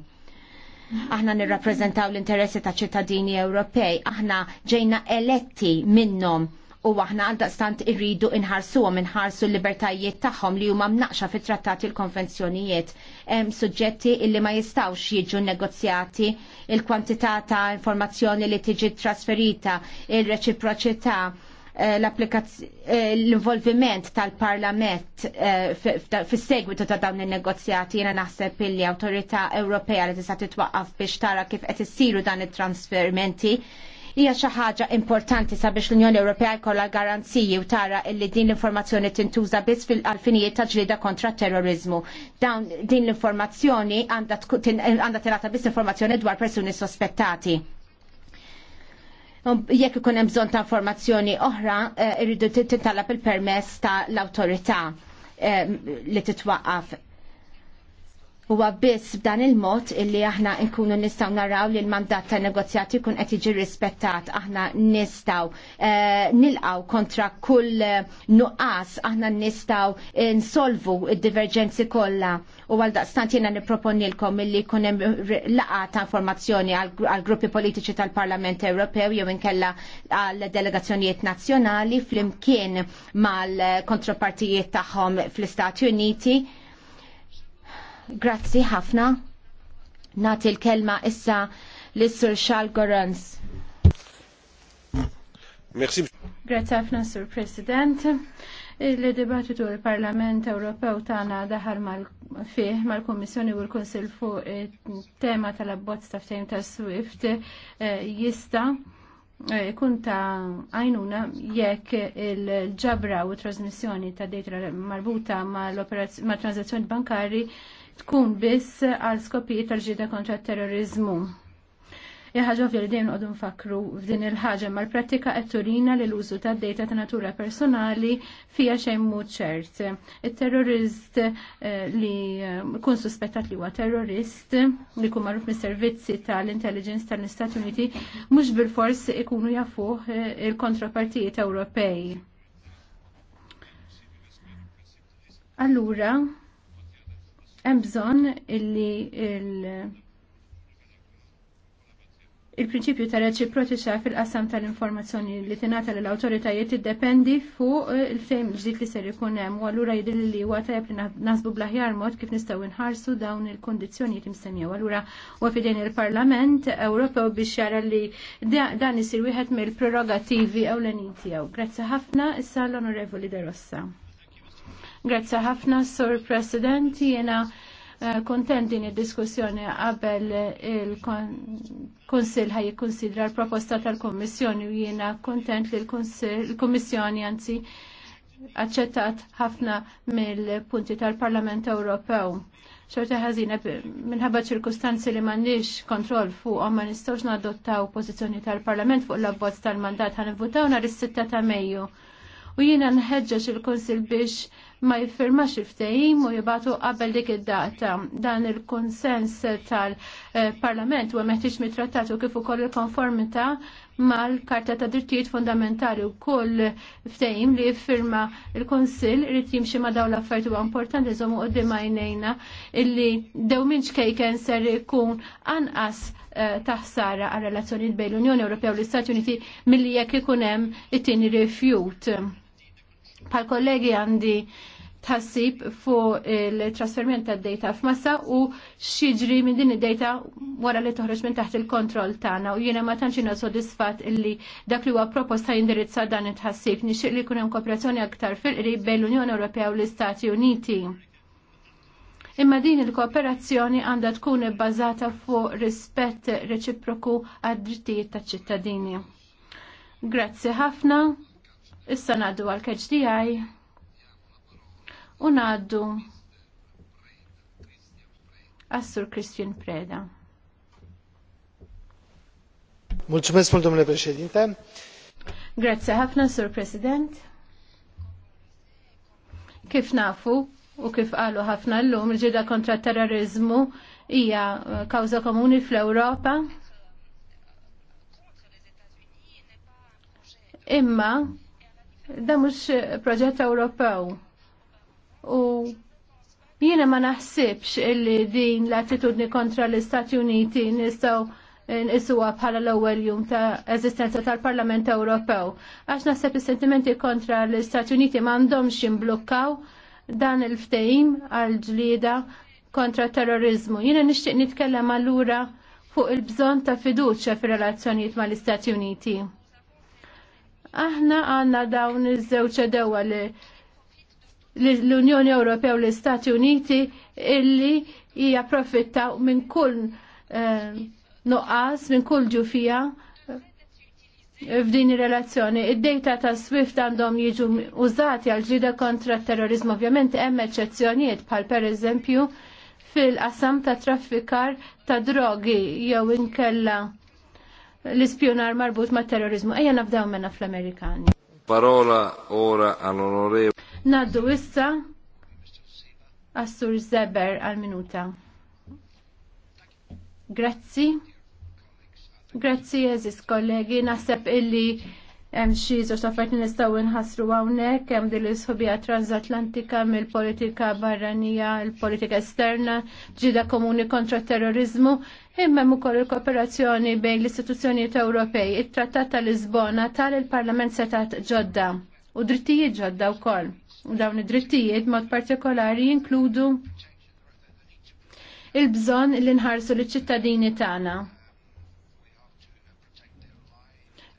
Aħna nirrappreżentaw l-interessi ta' ċittadini Ewropej, aħna ġejna eletti minnhom u aħna stant irridu għom inħarsu l-libertajiet tagħhom li huma mnaqxa fit-trattati l-konvenzjonijiet hemm suġġetti illi ma jistgħux jiġu negozjati il-kwantità ta' informazzjoni li tiġi trasferita, il-reċiproċità eh, eh, l-involviment tal-parlament eh, fis-segwitu ta' dawn in-negozjati jiena naħseb illi Awtorità Ewropea li tista' titwaqqaf biex tara kif qed issiru dan it-transferimenti hija xi ħaġa importanti sabiex l-Unjoni Ewropea jkollha garanziji u tara li din l-informazzjoni tintuża biss fil-qalfinijiet ta' ġlida kontra terrorizmu. Dawn din l-informazzjoni għandha tingħata biss informazzjoni dwar persuni sospettati. Um, jekk ikun hemm bżonn ta' informazzjoni oħra, eh, irridu titalab il-permess tal-awtorità eh, li titwaqqaf Huwa biss b'dan il-mod illi aħna nkunu nistgħu naraw li l-mandat ta' negozjati jkun qed jiġi rispettat, aħna nistgħu eh, nilqgħu kontra kull eh, nuqqas, aħna nistgħu nsolvu id-diverġenzi kollha. U għal daqstant jiena nipproponilkom illi jkun hemm laqgħa ta' informazzjoni għal gruppi politiċi tal-Parlament Ewropew jew inkella għal delegazzjonijiet nazzjonali flimkien mal eh, kontropartijiet tagħhom fl-Istati Uniti Grazzi ħafna. Nati l-kelma issa l-Sur Charles Gorans. Merci. Grazie ħafna, Sur President. Il-dibattitu l-Parlament Ewropew tagħna daħar fih mal-Kummissjoni u l konsil fuq tema tal-abbozz ta' ftehim ta' Swift eh, jista' jkun ta' għajnuna jekk il-ġabra u trasmissjoni ta' dejtra marbuta ma' transazzjoni bankari tkun biss għal skopijiet tal-ġida kontra terrorizmu. Jaħġa ovvjer li dejjem għodu nfakru f'din il-ħaġa mal pratika qed turina li l-użu tad dejta ta' natura personali fija xejn mhux ċert. Il-terrorist eh, li eh, kun suspettat li huwa terrorist li kun magħruf mis-servizzi tal-intelligence tal-Istati Uniti mhux bilfors ikunu jafuh eh, il-kontrapartijiet Ewropej. Allura, Hemm bżonn illi il- prinċipju ta' reċiproċità fil-qassam tal-informazzjoni li tingħata l awtoritajiet iddependi fuq il-fejm ġdid li ser ikun hemm u allura jidil li huwa tajjeb li naħsbu blaħjar mod kif nistgħu nħarsu dawn il kundizzjonijiet imsemmew. Allura huwa fidejn il-Parlament Ewropew biex jara li dan isir wieħed mill-prerogativi ewlenin tiegħu. Grazzi ħafna issa l-Onorevoli De Rossa. Grazzi ħafna, Sur President, jena eh, kontenti din id-diskussjoni qabel il-Konsil ħaj jikkonsidra l-proposta tal-Kommissjoni u jiena kontent li l-Kommissjoni anzi aċċettat ħafna mill-punti tal-Parlament Ewropew. Xorta ħażina minħabba ċirkustanzi li m'għandix kontroll fuqhom ma nistgħux nadottaw pożizzjoni tal-Parlament fuq l-abbozz tal-mandat ħanivvutaw nhar is-sitta ta' Mejju u jiena nħeġġeġ il konsil biex ma jiffirmax il-ftehim u jibatu qabel dik id-data. Dan il-konsens tal-Parlament u meħtieġ mit-trattatu kif ukoll il-konformità mal-Karta ta' Drittijiet Fundamentali u koll ftehim li jiffirma il-Konsil irrid jimxi ma' dawn l-affarijiet huwa importanti żommu qudiem għajnejna illi dewmin xkejken ser ikun anqas eh, taħsara għal relazzjonijiet bejn l-Unjoni Ewropea u l-Istati Uniti milli jekk ikun hemm it-tieni rifjut. Pal kollegi għandi tħassib fu il-trasferment ta' data f'massa u xieġri minn din id-data wara li toħroġ minn taħt il-kontroll tagħna u jiena ma tantx inha sodisfatt illi dak li huwa proposta jindirizza dan it-tħassib nixtieq li jkun hemm kooperazzjoni aktar fil-qrib bejn l-Unjoni Ewropea u l-Istati Uniti. Imma din il-kooperazzjoni għandha tkun ibbażata fuq rispett reċiproku għad-drittijiet taċ-ċittadini. Grazzi ħafna. Issa naddu għal KHDI u naddu għassur Christian Preda. Mulțumesc mult, domnule preċedinte. Grazie ħafna, sur President. Kif nafu u kif qalu ħafna l-lum il-ġida kontra terrorizmu hija eh, kawża komuni fl-Ewropa. Imma Da mhux proġett Ewropew. U jiena ma naħsibx illi din l-attitudni kontra l-Istati Uniti nistgħu nqisuha bħala l-ewwel jum ta' eżistenza tal-Parlament Ewropew. Għax naħseb is-sentimenti kontra l-Istati Uniti m'għandhomx jimblukkaw dan il-ftehim għal ġlieda kontra terrorizmu. Jiena nixtieq nitkellem allura fuq il-bżonn ta' fiduċja fir-relazzjonijiet mal-Istati Uniti. Aħna għanna dawn iż-żewġ edewa li l-Unjoni Ewropea u l-Istati Uniti illi hija profitta minn kull eh, nuqqas, minn kull ġufija eh, f'din ir-relazzjoni. Id-data ta' Swift għandhom jiġu użati għal ġrida kontra t terrorizmu. Ovvjament hemm eċċezzjonijiet bħal pereżempju fil-qasam ta' traffikar ta' drogi jew inkella l-ispjonar marbut ma' terrorizmu. Ejja nafdaw menna fl-Amerikani. Parola ora all'onorevole. Naddu issa Assur Zeber għal minuta. Grazzi. Grazzi, eżis kollegi, nasab illi hemm xi żewġ affarijiet li nistgħu nħassru hawnhekk hemm din l-isħobija transatlantika mill-politika barranija, il-politika esterna, ġida komuni kontra terrorizmu, imma hemm ukoll il-kooperazzjoni bejn l-istituzzjonijiet Ewropej. It-Trattat ta' Lisbona tal il-Parlament setat ġodda u drittijiet ġodda wkoll. U dawn id-drittijiet mod partikolari jinkludu il-bżonn li nħarsu l-ċittadini tagħna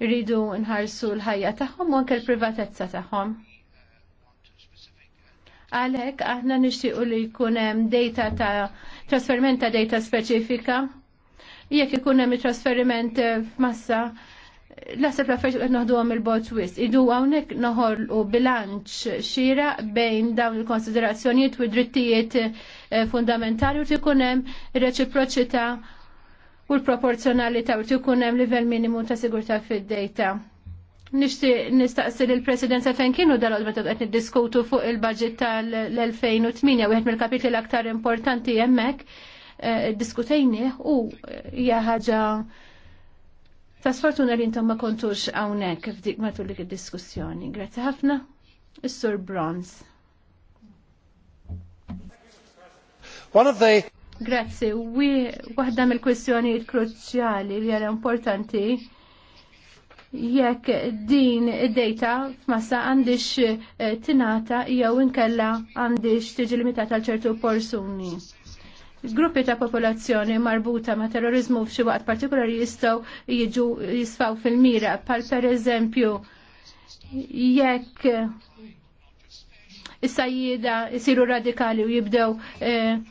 rridu nħarsu l-ħajja tagħhom u anke l-privatezza tagħhom. Għalhekk aħna nixtiequ li jkun hemm data ta' trasferiment ta' data speċifika. Jekk ikun hemm trasferiment f'massa, l-asab l-affarijiet noħduhom il-bot twist. Idu hawnhekk u bilanċ xira bejn dawn il-konsiderazzjonijiet u drittijiet eh, fundamentali u tkun hemm reċiproċità u l-proporzjonalità u tkun hemm livell minimu ta' sigurtà fid-dejta. Nixtieq nistaqsi lill presidenza fejn kienu dal-għodba ta' qed niddiskutu fuq il-budget tal-2008 wieħed mill-kapitli l-aktar importanti hemmhekk eh, diskutejnieh u eh, hija ħaġa ta' sfortuna li intom ma kontux hawnhekk f'dik matul dik id-diskussjoni. Grazzi ħafna. Is-Sur Bronze. One of the Grazzi, waħda mill-kwestjonijiet kruċjali li għal importanti jekk din id-data f'massa għandix eh, tinata jew inkella għandix tiġi limitata għal ċertu porsuni. Gruppi ta' popolazzjoni marbuta ma' terrorizmu f'xi waqt partikolari jistgħu jiġu jisfaw fil-mira bħal pereżempju jekk is-sajjida jsiru radikali u jibdew eh,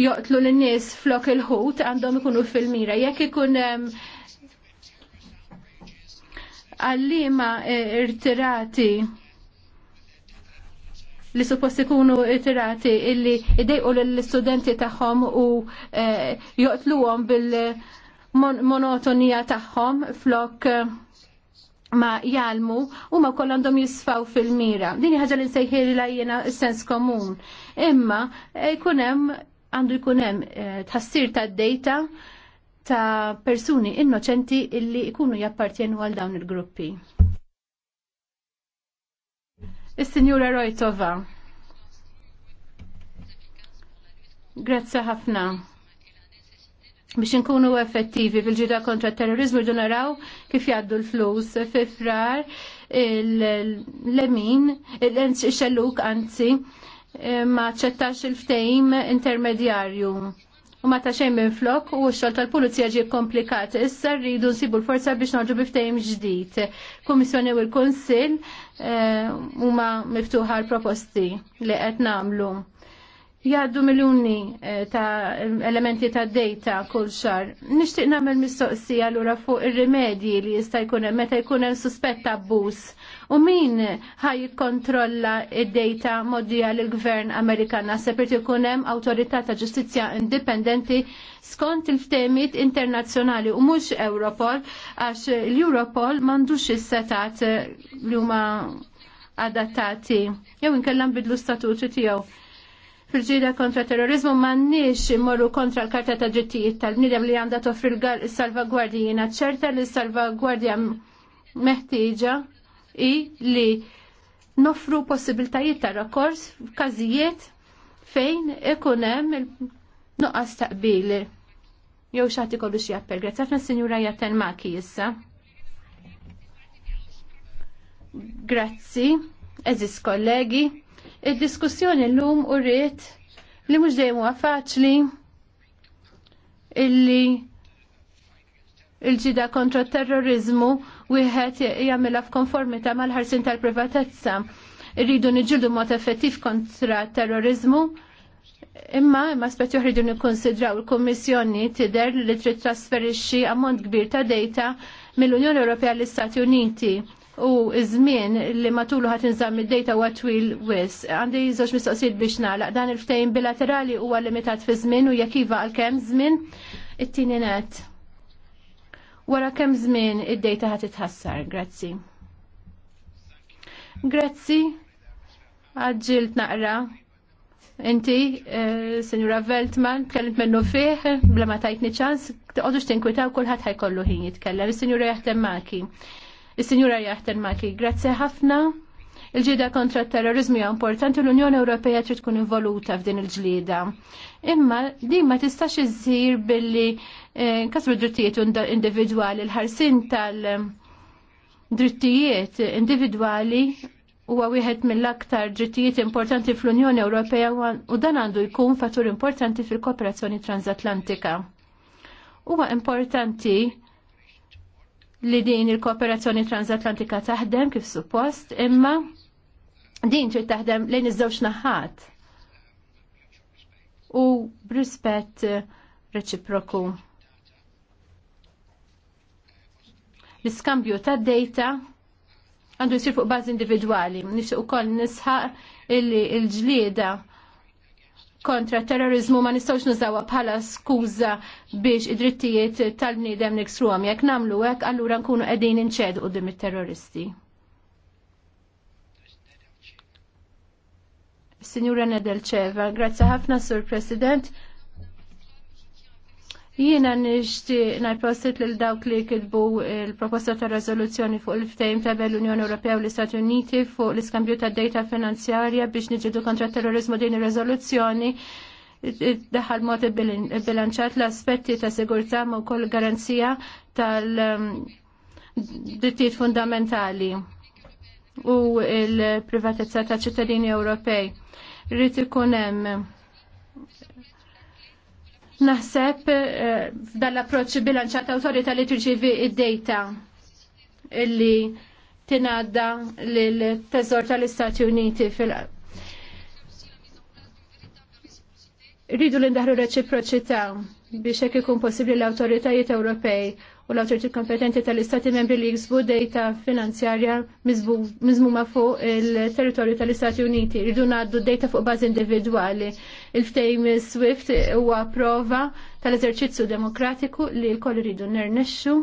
joqtlu l-nies flok il-ħut għandhom ikunu fil-mira. Jekk ikun għallima e, irtirati li suppost ikunu irtirati illi idejqu l-studenti tagħhom u e, joqtluhom bil-monotonija tagħhom flok e, ma jalmu u ma koll għandhom jisfaw fil-mira. Dini ħagġa li nsejħiri la sens komun. Imma jkunem għandu jkun hemm tħassir ta' data ta' persuni innoċenti illi jkunu jappartjenu għal dawn il-gruppi. Is-Sinjura Rojtova. Grazzi ħafna biex nkunu effettivi fil-ġida kontra terrorizmu rridu naraw kif jgħaddu l-flus fi frar l-lemin, l-xelluk anzi Eh, ma ċettax il-ftejim intermedjarju. U ma ta' xejn minn flok u x-xol tal-pulizija ġie komplikat. Issa rridu nsibu l-forza biex noġu biftejim ġdid. Kummissjoni u l u eh, huma miftuħa l-proposti li qed nagħmlu. Jaddu miluni eh, ta' elementi ta' data kull xar. Nixtieq nagħmel mistoqsija lura fuq ir-rimedji li jista' jkun hemm meta jkun hemm suspett abbuż U min ħaj jikkontrolla id-data moddija l gvern Amerikan naħseb irid ikun hemm ta' ġustizzja indipendenti skont il ftemit internazzjonali u mhux Europol għax l-Europol m'għandux is-setat li huma adattati jew inkella bidlu statuti tiegħu fil-ġida kontra terrorizmu mannix morru kontra l-karta ta' ġittijiet tal-bnidem li għandha toffri l-salvagwardji. ċerta li s-salvagwardja meħtieġa i li nofru possibiltajiet ta' rakors f'każijiet fejn ikun hemm il-nuqqas taqbili. Jew xaħti kollu xi appell. Grazzi s Sinjura Jaten Maki issa. Grazzi, eżis kollegi. il diskussjoni l-lum u rrit li mhux dejjem huwa faċli illi il-ġida kontra terrorizmu wieħed jagħmilha f'konformità mal-ħarsin tal-privatezza. Irridu nġildu mod effettiv kontra terrorizmu. Imma imma spetju ħridu nikonsidraw nikkonsidraw il-Kummissjoni tidher li trid trasferixxi ammont kbir ta' dejta mill-Unjoni Ewropea l-Istati Uniti u iż-żmien li matulu ħadd inżamm id-dejta huwa twil wis. Għandi żewġ mistoqsijiet biex nagħlaq dan il-ftehim bilaterali huwa limitat fi żmien u jekk iva għalkemm żmien it-tieni net wara kemm żmien id-dejta ħad titħassar. Grazzi. Grazzi. Għadġilt naqra. Inti, eh, Sinjura Veltman, tkellimt minnu fih, bla ma tajtni ċans, għodux tinkwitaw kulħadd ħajkollu ħin jitkellem. Sinjura jaħtem maki. Sinjura jaħtem maki. Grazzi ħafna il ġlida kontra terrorizmu hija importanti l-Unjoni Ewropea trid tkun involuta f'din il-ġlida. Imma din ma tistax iżżir billi eh, nkasru drittijiet individwali l-ħarsin tal-drittijiet individwali huwa wieħed mill-aktar drittijiet importanti fl-Unjoni Ewropea u dan għandu jkun fattur importanti fil-kooperazzjoni transatlantika. Huwa importanti li din il-kooperazzjoni transatlantika taħdem kif suppost, imma din trid taħdem lejn iż-żewġ naħat u b'rispett reċiproku. L-iskambju ta' data għandu jisir fuq bażi individwali. Nixtieq ukoll nisħaq illi l-ġlieda kontra terrorizmu ma nistgħux nużawha bħala skuża biex id-drittijiet tal-bniedem niksruhom. Jekk nagħmlu hekk allura nkunu qegħdin inċed qudiem it-terroristi. Signora Nedelceva, grazzi ħafna, Sur President. Jiena nixti najpostit lil dawk li kitbu il-proposta ta' rezoluzzjoni fuq il-ftejm ta' l-Unjoni Ewropea u l-Istati Uniti fuq l-iskambju ta' data finanzjarja biex niġidu kontra terrorizmu din ir-rezoluzzjoni daħal mod bilanċat l-aspetti ta' sigurtà ma' wkoll garanzija tal-drittijiet um, fundamentali u l privatezza ta' ċittadini Ewropej rrit ikun hemm eh, naħseb f'dan eh, l-approċċ bilanċat awtorita li tirċivi id-dejta illi tingħadda lil teżor tal-Istati Uniti fil- Rridu li ndaħlu reċiproċità biex hekk ikun possibbli l-awtoritajiet Ewropej u l-autoriti kompetenti tal-istati membri li jiksbu dejta finanzjarja mizmuma fuq il-territorju tal-Istati Uniti. ridu ngħaddu data fuq bażi individwali. Il-ftejm Swift huwa prova tal-eżerċizzju demokratiku li l-koll rridu nernexxu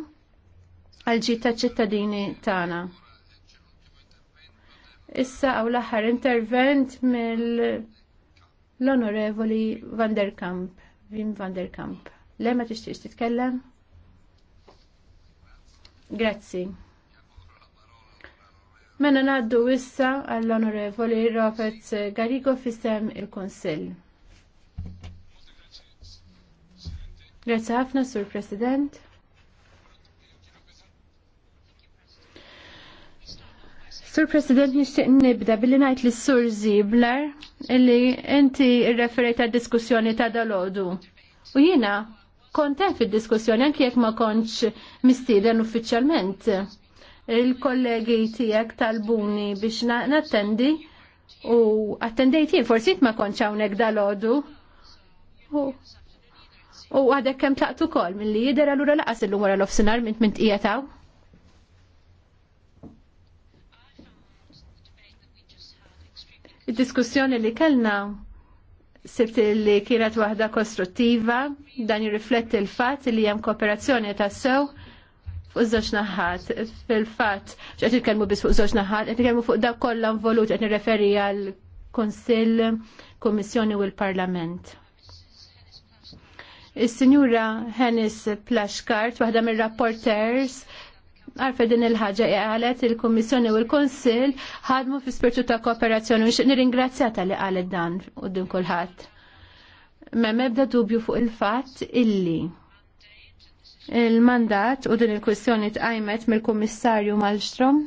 għal-ġid tal-ċittadini tagħna. Issa għaw l-aħħar intervent mill onorevoli Van der Kamp, Wim Van der Kamp. Le ma titkellem? Grazzi. Mena naddu issa għall-Onorevoli Robert Garrigo fissem il-Konsill. Grazzi ħafna, Sur President. Sur President, nixtieq nibda billi ngħid li Sur Zibler illi inti rreferejt għad diskussjoni ta' dalodu. U jiena kontent fil-diskussjoni anki jekk ma konċ mistieden uffiċjalment. Il-kollegi tiegħek talbuni biex nattendi u attendejt jien forsi ma konċ hawnhekk dalodu. U għadek kem taqtu kol mill-li jidher allura laqas l-lum għara l-ofsinar mint mint qiegħataw. Id-diskussjoni li kellna sibt li kienet waħda kostruttiva, dan jirrifletti l-fat li jem kooperazzjoni ta' sew fuq żewġ naħat. Fil-fat, x'qed kelmu biss fuq żewġ naħat, qed kelmu fuq dak kollan volut qed nirreferi għal Kunsill, Kummissjoni u l-Parlament. Is-Sinjura Hennis Plashkart, waħda mir-rapporters għarfe din il-ħagġa għalet il-Kommissjoni u l-Konsil ħadmu fi spirtu ta' kooperazzjoni u nir li għalet dan u din kullħat. Ma mebda dubju fuq il-fat illi il-mandat u din il kwissjoni tqajmet mill-Kummissarju Malmstrom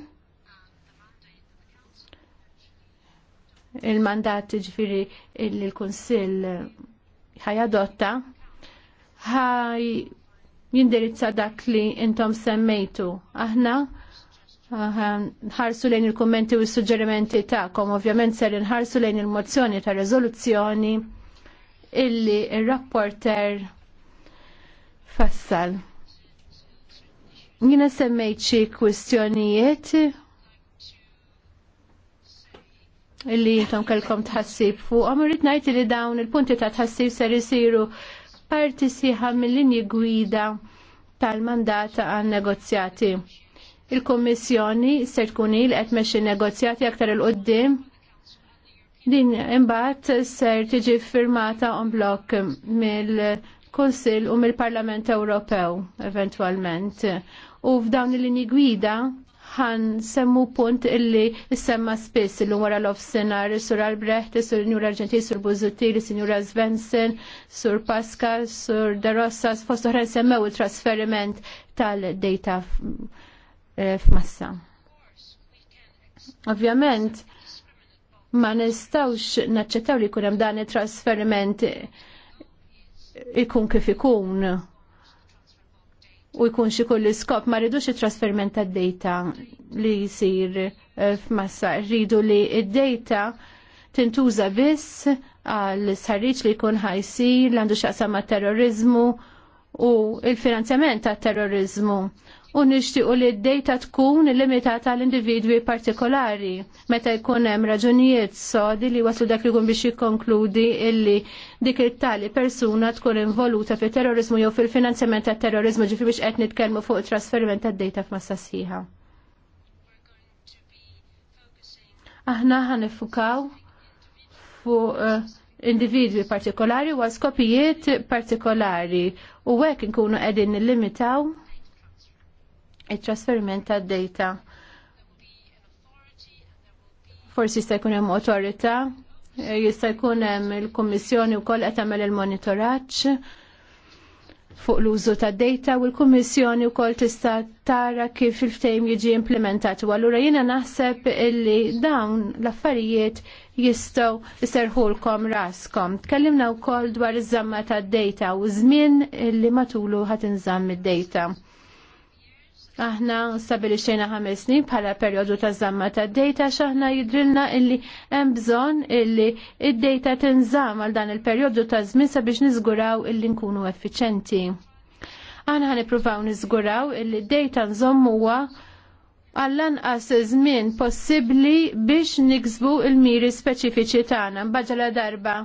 il-mandat ġifiri il-Konsil ħajadotta ħaj jindirizza dak li intom semmejtu. Aħna nħarsu lejn il-kommenti u s-suġġerimenti ta'kom, ovvjament ser nħarsu lejn il-mozzjoni ta' rezoluzzjoni illi il-rapporter fassal. Jina semmejt xi kwistjonijiet illi jintom kelkom tħassib fuq, għamurrit li dawn il-punti ta' tħassib ser jisiru parti siħa mill-linji gwida tal-mandat għan negozjati. Il-Kommissjoni ser tkun il qed mexxi negozjati aktar il qoddim din imbagħad ser tiġi firmata on blok mill-Kunsill u mill-Parlament Ewropew eventwalment. U f'dawn il-linji gwida ħan semmu punt illi semma spiss illi wara l senar sur Albrecht, sur Njura Argenti, sur li Signora Svensson, sur Pascal, sur Darossas, fost oħra semmew il-trasferiment tal-data eh, f'massa. Ovvjament, ma nistawx naċċettaw li kunem dan il-trasferiment ikun kif ikun u jkun xi kull iskop ma rridux it-trasferiment tad-data li jsir eh, f'massa. Rridu li id-data tintuża biss għal sarriċ li jkun ħajsir l għandu xaqsam ma' terrorizmu u il-finanzjament tat terrorizmu u nixtiequ li d-dejta tkun limitata għal individwi partikolari meta jkun hemm raġunijiet sodi li waslu dak li jkun biex jikkonkludi illi dik it-tali persuna tkun involuta fi terrorizmu jew fil-finanzjament tat terrorizmu ġifi biex qed nitkellmu fuq it trasferiment tad-dejta f'massa sħiħa. Aħna ħanifukaw fuq eh, individwi partikolari u skopijiet partikolari u għek nkunu għedin nillimitaw it-trasferiment ta' data. Forsi jista' jkun hemm autorità, eh, jista' jkun hemm il-Kummissjoni wkoll qed tagħmel il-monitoraġġ fuq l-użu ta' data u l-Kummissjoni wkoll tista' tara kif il-ftehim jiġi implementat. U allura jiena naħseb illi dawn l-affarijiet jistgħu jserħulkom raskom. Tkellimna wkoll dwar iż-żamma tad-data u żmien illi matulu inżamm id-data. Aħna xejna ħames snin bħala perjodu ta' żamma ta' data x'aħna jidrilna illi hemm bżonn illi id-data tinżamm għal dan il-perjodu ta' żmien sabiex niżguraw illi nkunu effiċenti. Aħna ippruvaw niżguraw illi d-data nżommuha għall-anqas żmien possibbli biex niksbu l miri speċifiċi tagħna mbaġġala darba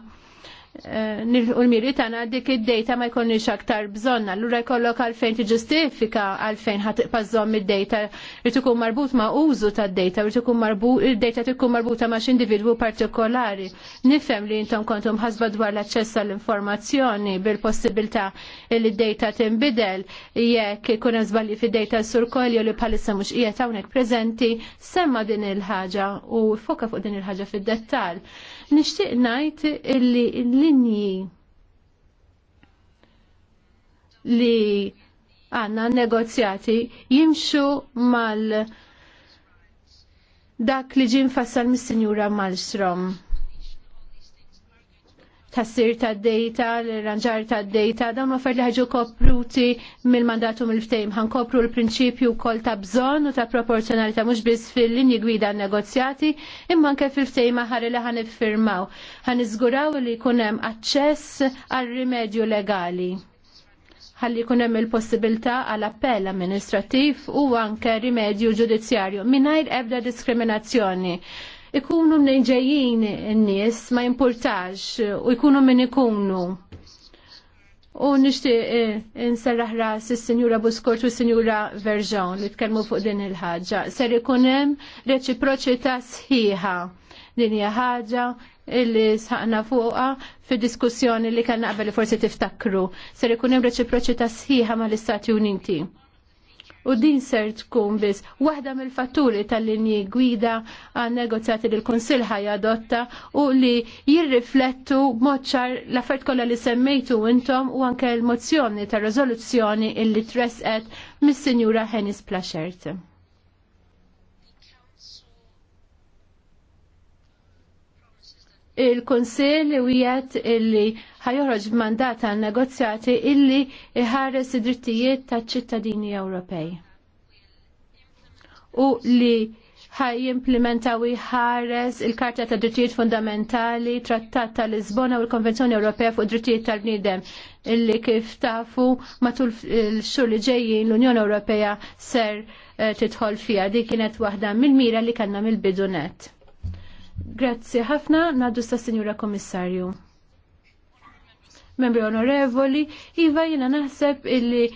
Eh, nilħu l-miri tana dik id-dejta ma jkollniex aktar bżonna. L-ura jkollok għalfejn tiġustifika għalfejn ħatqazzom id-dejta rritu ikun marbut ma' użu tad-dejta, rritu kum marbut id-dejta tkun marbuta ma' x-individu partikolari. Nifhem li intom kontum ħasba dwar l-aċċess għall-informazzjoni bil-possibilità li d-dejta tinbidel jekk ikun hemm żbalji fid-dejta sur kolju li bħalissa mhux qiegħed hawnhekk preżenti semma din il-ħaġa u foka fuq din il-ħaġa fid-dettall. Nixtieq ngħid illi l-linji li għanna negozjati jimxu mal dak li ġin fassal mis-Sinjura Malstrom tassir ta' data, l-ranġar ta' data, dawn ma' li ħagġu kopruti mill-mandatu mill-ftejm. Għan kopru l-prinċipju kol ta' bżon u ta' proporzjonalità mux biss fil-linji gwida negozjati, imma anke fil-ftejm ħari li ħan firmaw. Għan izguraw li kunem access għal rimedju legali. Ħalli kunem il-possibilità għal appell amministrativ u anke rimedju ġudizzjarju, minajr ebda diskriminazzjoni ikunu minn ġejjin n-nies ma jimpurtax u jkunu minn ikunu. U nixtieq inserraħ eh, ras is-Sinjura Buskort u s-Sinjura Verġon li tkellmu fuq din il-ħaġa. Ser ikunem hemm reċiproċità sħiħa. Din hija ħaġa illi sħaqna fuqha fid-diskussjoni li kellna qabel li forsi tiftakru. Ser ikunem hemm reċiproċità sħiħa mal-Istati Uniti u din ser tkun biss waħda mill-fatturi tal-linji gwida għan negozjati li l-Konsil ħajadotta u li jirriflettu moċċar l-affert kollha li semmejtu intom u anke l-mozzjoni ta' rezoluzzjoni illi tresqet mis-Sinjura Henis Plaxert. il-Konsil wiet illi ħajoħroġ mandat għal negozjati illi iħares id-drittijiet taċ ċittadini Ewropej. U li ħaj implementaw iħares il-Karta ta' Drittijiet Fundamentali, Trattat ta' Lisbona u l-Konvenzjoni Ewropea fuq Drittijiet tal-Bniedem illi kif tafu matul l xur li ġejjin l-Unjoni Ewropea ser eh, titħol fija. Di kienet waħda mill-mira li kanna mill-bidunet. Grazzi ħafna, naddu sta' Sinjura Komissarju. Membri onorevoli, Iva jina naħseb illi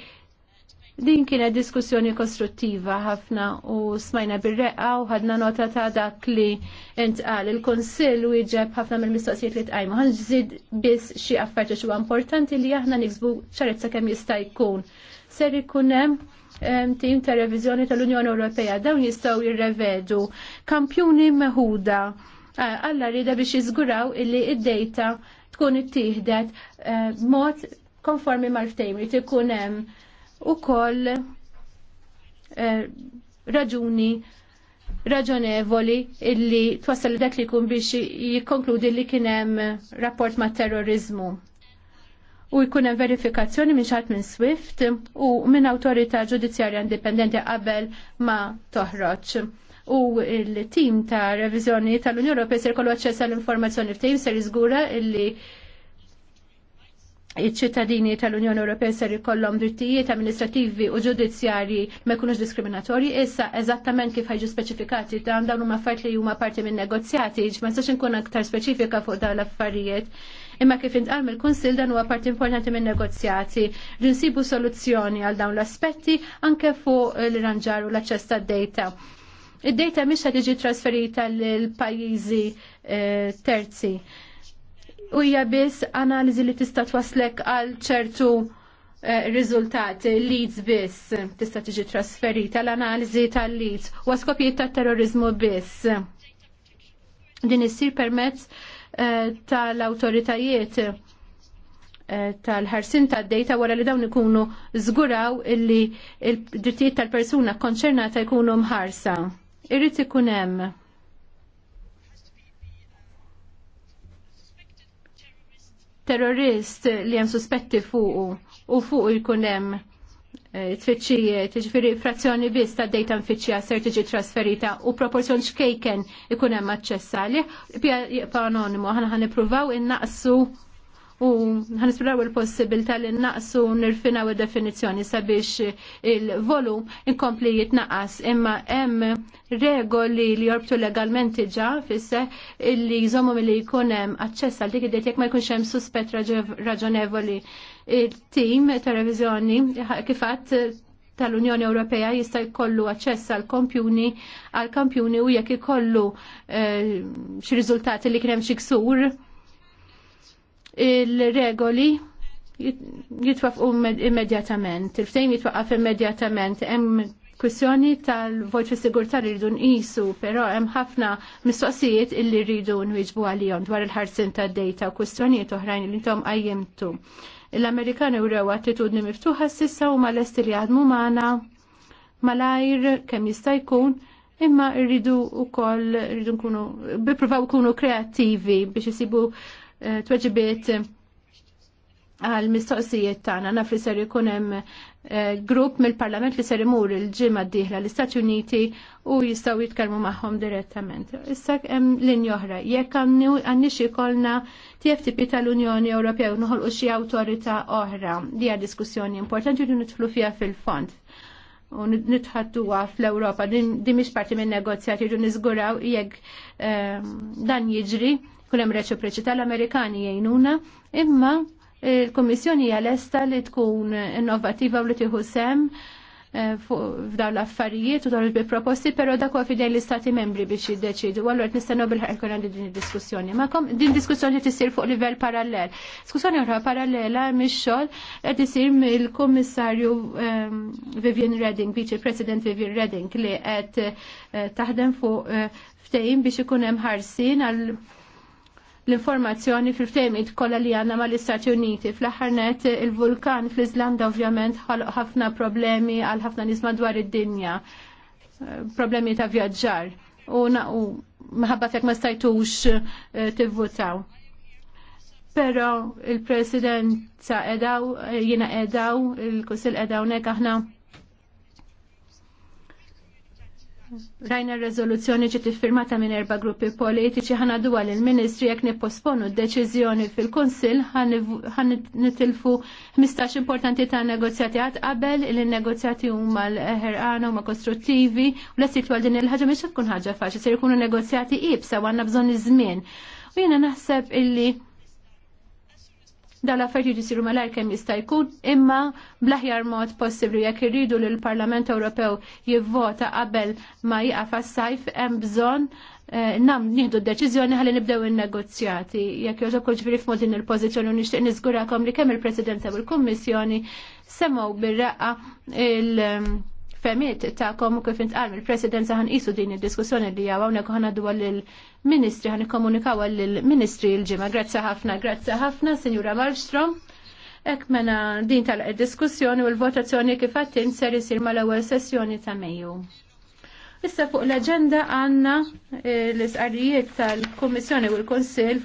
din kienet diskussjoni kostruttiva ħafna u smajna bir-reqqa u ħadna nota ta' dak li entqal il konsil u iġeb ħafna mill-mistoqsijiet li tqajmu. Ħanġid biss xi affarijiet huwa importanti li aħna niksbu ċarezza kemm jista' jkun. Ser ikun hemm tim ta' revizjoni tal-Unjoni Ewropea. Dawn jistgħu jirrevedu kampjuni meħuda għalla rida biex jiżguraw illi id-data tkun ittieħdet eh, mod konformi mal-ftejm li tkun hemm ukoll eh, raġuni raġonevoli illi twassal dak li kun biex jikkonkludi li kien hemm rapport ma' terrorizmu u jkun hemm verifikazzjoni minn xatt minn Swift u minn awtorità ġudizzjarja indipendenti qabel ma toħroġ. U l-tim ta' reviżjoni tal-Unjoni Ewropea ser kollu aċċess għall informazzjoni ftehim ser iżgura illi iċ-ċittadini tal-Unjoni Ewropea ser ikollhom drittijiet amministrativi u ġudizzjarji ma jkunux diskriminatorji, issa eżattament kif ħajġu speċifikati dan dawn huma affarijiet li huma parti minn negozjati, ma nistax inkun aktar speċifika fuq dawn l-affarijiet Imma kif intqal mill-Kunsil dan huwa parti importanti min negozjati li nsibu soluzzjoni għal dawn l-aspetti anke fuq l iranġar u l-aċċess tad-data. Id-data mhix qed tiġi trasferita lill pajjiżi eh, terzi. U hija biss analiżi li tista' twaslek għal ċertu eh, riżultat leads biss tista' tiġi trasferita l-analiżi tal-leads u skopijiet tat-terrorizmu biss. Din issir permezz Eh, tal-awtoritajiet eh, tal-ħarsin ta' dejta wara li dawn ikunu żguraw illi il-drittijiet tal-persuna konċernata jkunu mħarsa. Irrid ikun hemm. Terrorist li hemm suspetti fuqu u fuqu jkun hemm Eh, tfittxijiet, eh, ġifiri frazzjoni biss ta' dejta nfittxija ser tiġi trasferita u proporzjon xkejken ikun hemm aċċess għalih, jibqa' anonimu, ħana ħan ippruvaw innaqsu u ispruvaw il-possibilta li naqsu nirfinaw il-definizjoni sabiex il-volum inkompli jitnaqas imma hemm regoli li jorbtu legalment ġa fisse illi jżommu li jkun hemm aċċess għal dik id ma jkunx hemm suspett raġonevoli il-tim televizjoni kifat tal-Unjoni Ewropea jista' jkollu aċċess għal kompjuni għal kampjuni u jekk ikollu eh, xi riżultati li kien hemm xi ksur il-regoli jitwaqqu immedjatament, il-ftejn jitwaqqaf immedjatament, hemm kwistjoni tal voċ fi sigurtà li rridu nqisu, però hemm ħafna mistoqsijiet illi rridu nwiġbu għalihom dwar il-ħarsin tad-dejta u kwistjonijiet oħrajn li intom qajjimtu. L-Amerikani wrew attitudni miftuħa s-sissa u mal-esti li għadmu maħna mal-ajr kem jista' jkun imma rridu u koll, rridu nkunu, bipruvaw kreativi biex jisibu uh, eh, tweġibiet għal-mistoqsijiet tagħna naf li ser ikun hemm eh, grupp mill-Parlament li ser imur il-ġimgħa d-dieħla l-Istati Uniti u jistgħu jitkellmu magħhom direttament. Issa hemm linja oħra, jekk għandniex ikollna TFTP tal-Unjoni Ewropea u noħolqu xi awtorità oħra li hija diskussjoni importanti li nidħlu fiha fil-fond u nitħattuha fl-Ewropa din mhix parti min negozjati u niżguraw jekk eh, dan jiġri kun hemm reċiproċità l-Amerikani jgħinuna imma Il-Komissjoni hija lesta li tkun innovativa u li tiħu sem eh, f'dawn l-affarijiet u dawn il-proposti, però dak huwa fidej l-Istati membri biex jiddeċidu. Allura qed nistennew bil-ħaq ikun għandi din id-diskussjoni. Ma kom din diskussjoni qed isir fuq livell parallel. Diskussjoni oħra parallela mix-xogħol qed isir mill-Kummissarju ehm, Vivian Redding, Vice President Vivian Redding li qed eh, taħdem fuq eh, ftehim biex ikun hemm ħarsien għal l-informazzjoni fil-ftejmit kollha li għandna mal-Istati Uniti. Fl-aħħar il-vulkan fl izlanda ovvjament ħafna problemi għal ħafna nisma dwar id-dinja, problemi ta' vjaġġar u maħabba fek ma stajtux eh, tivvutaw. Però il-Presidenza edaw, eh, jiena edaw, il-Kusil edaw nek aħna Rajna r-rezoluzzjoni ġiet iffirmata minn erba' gruppi politiċi ħana dwar il-Ministri jekk nipposponu d-deċiżjoni fil-Kunsill ħan nitilfu 15 importanti ta' negozjati għad qabel li negozjati huma l-ħerqana huma kostruttivi u l għal din il-ħaġa mhix tkun ħaġa faċli se jkunu negozjati ibsa u għandna bżonn iż-żmien. U jiena naħseb illi da la affarijiet di siru kemm jista' jkun imma bl-aħjar mod possibbli jekk irridu li l-Parlament Ewropew jivvota qabel ma jiqaf għas-sajf hemm bżonn eh, nam nieħdu d-deċiżjoni ħalli nibdew in-negozjati. Jekk jogħġob kull ġifieri f'mod din il-pożizzjoni u nixtieq niżgurakom li kemm il-Presidenza u l-Kummissjoni semgħu bir-raqqa il- eh, femiet ta' komu kif intqal mill-Presidenza ħanqisu din id-diskussjoni li hawn hawnhekk ħanaddu lil ministri ħan ikkomunikaw għall-ministri l-ġimgħa. Grazzi ħafna, grazzi ħafna, Sinjura Malmstrom. Ek mena din tal-diskussjoni u l-votazzjoni kif għattin ser isir mal-ewwel sessjoni ta' Mejju. Issa fuq l-agenda għanna eh, l-isqarijiet tal-Kommissjoni u l-Konsil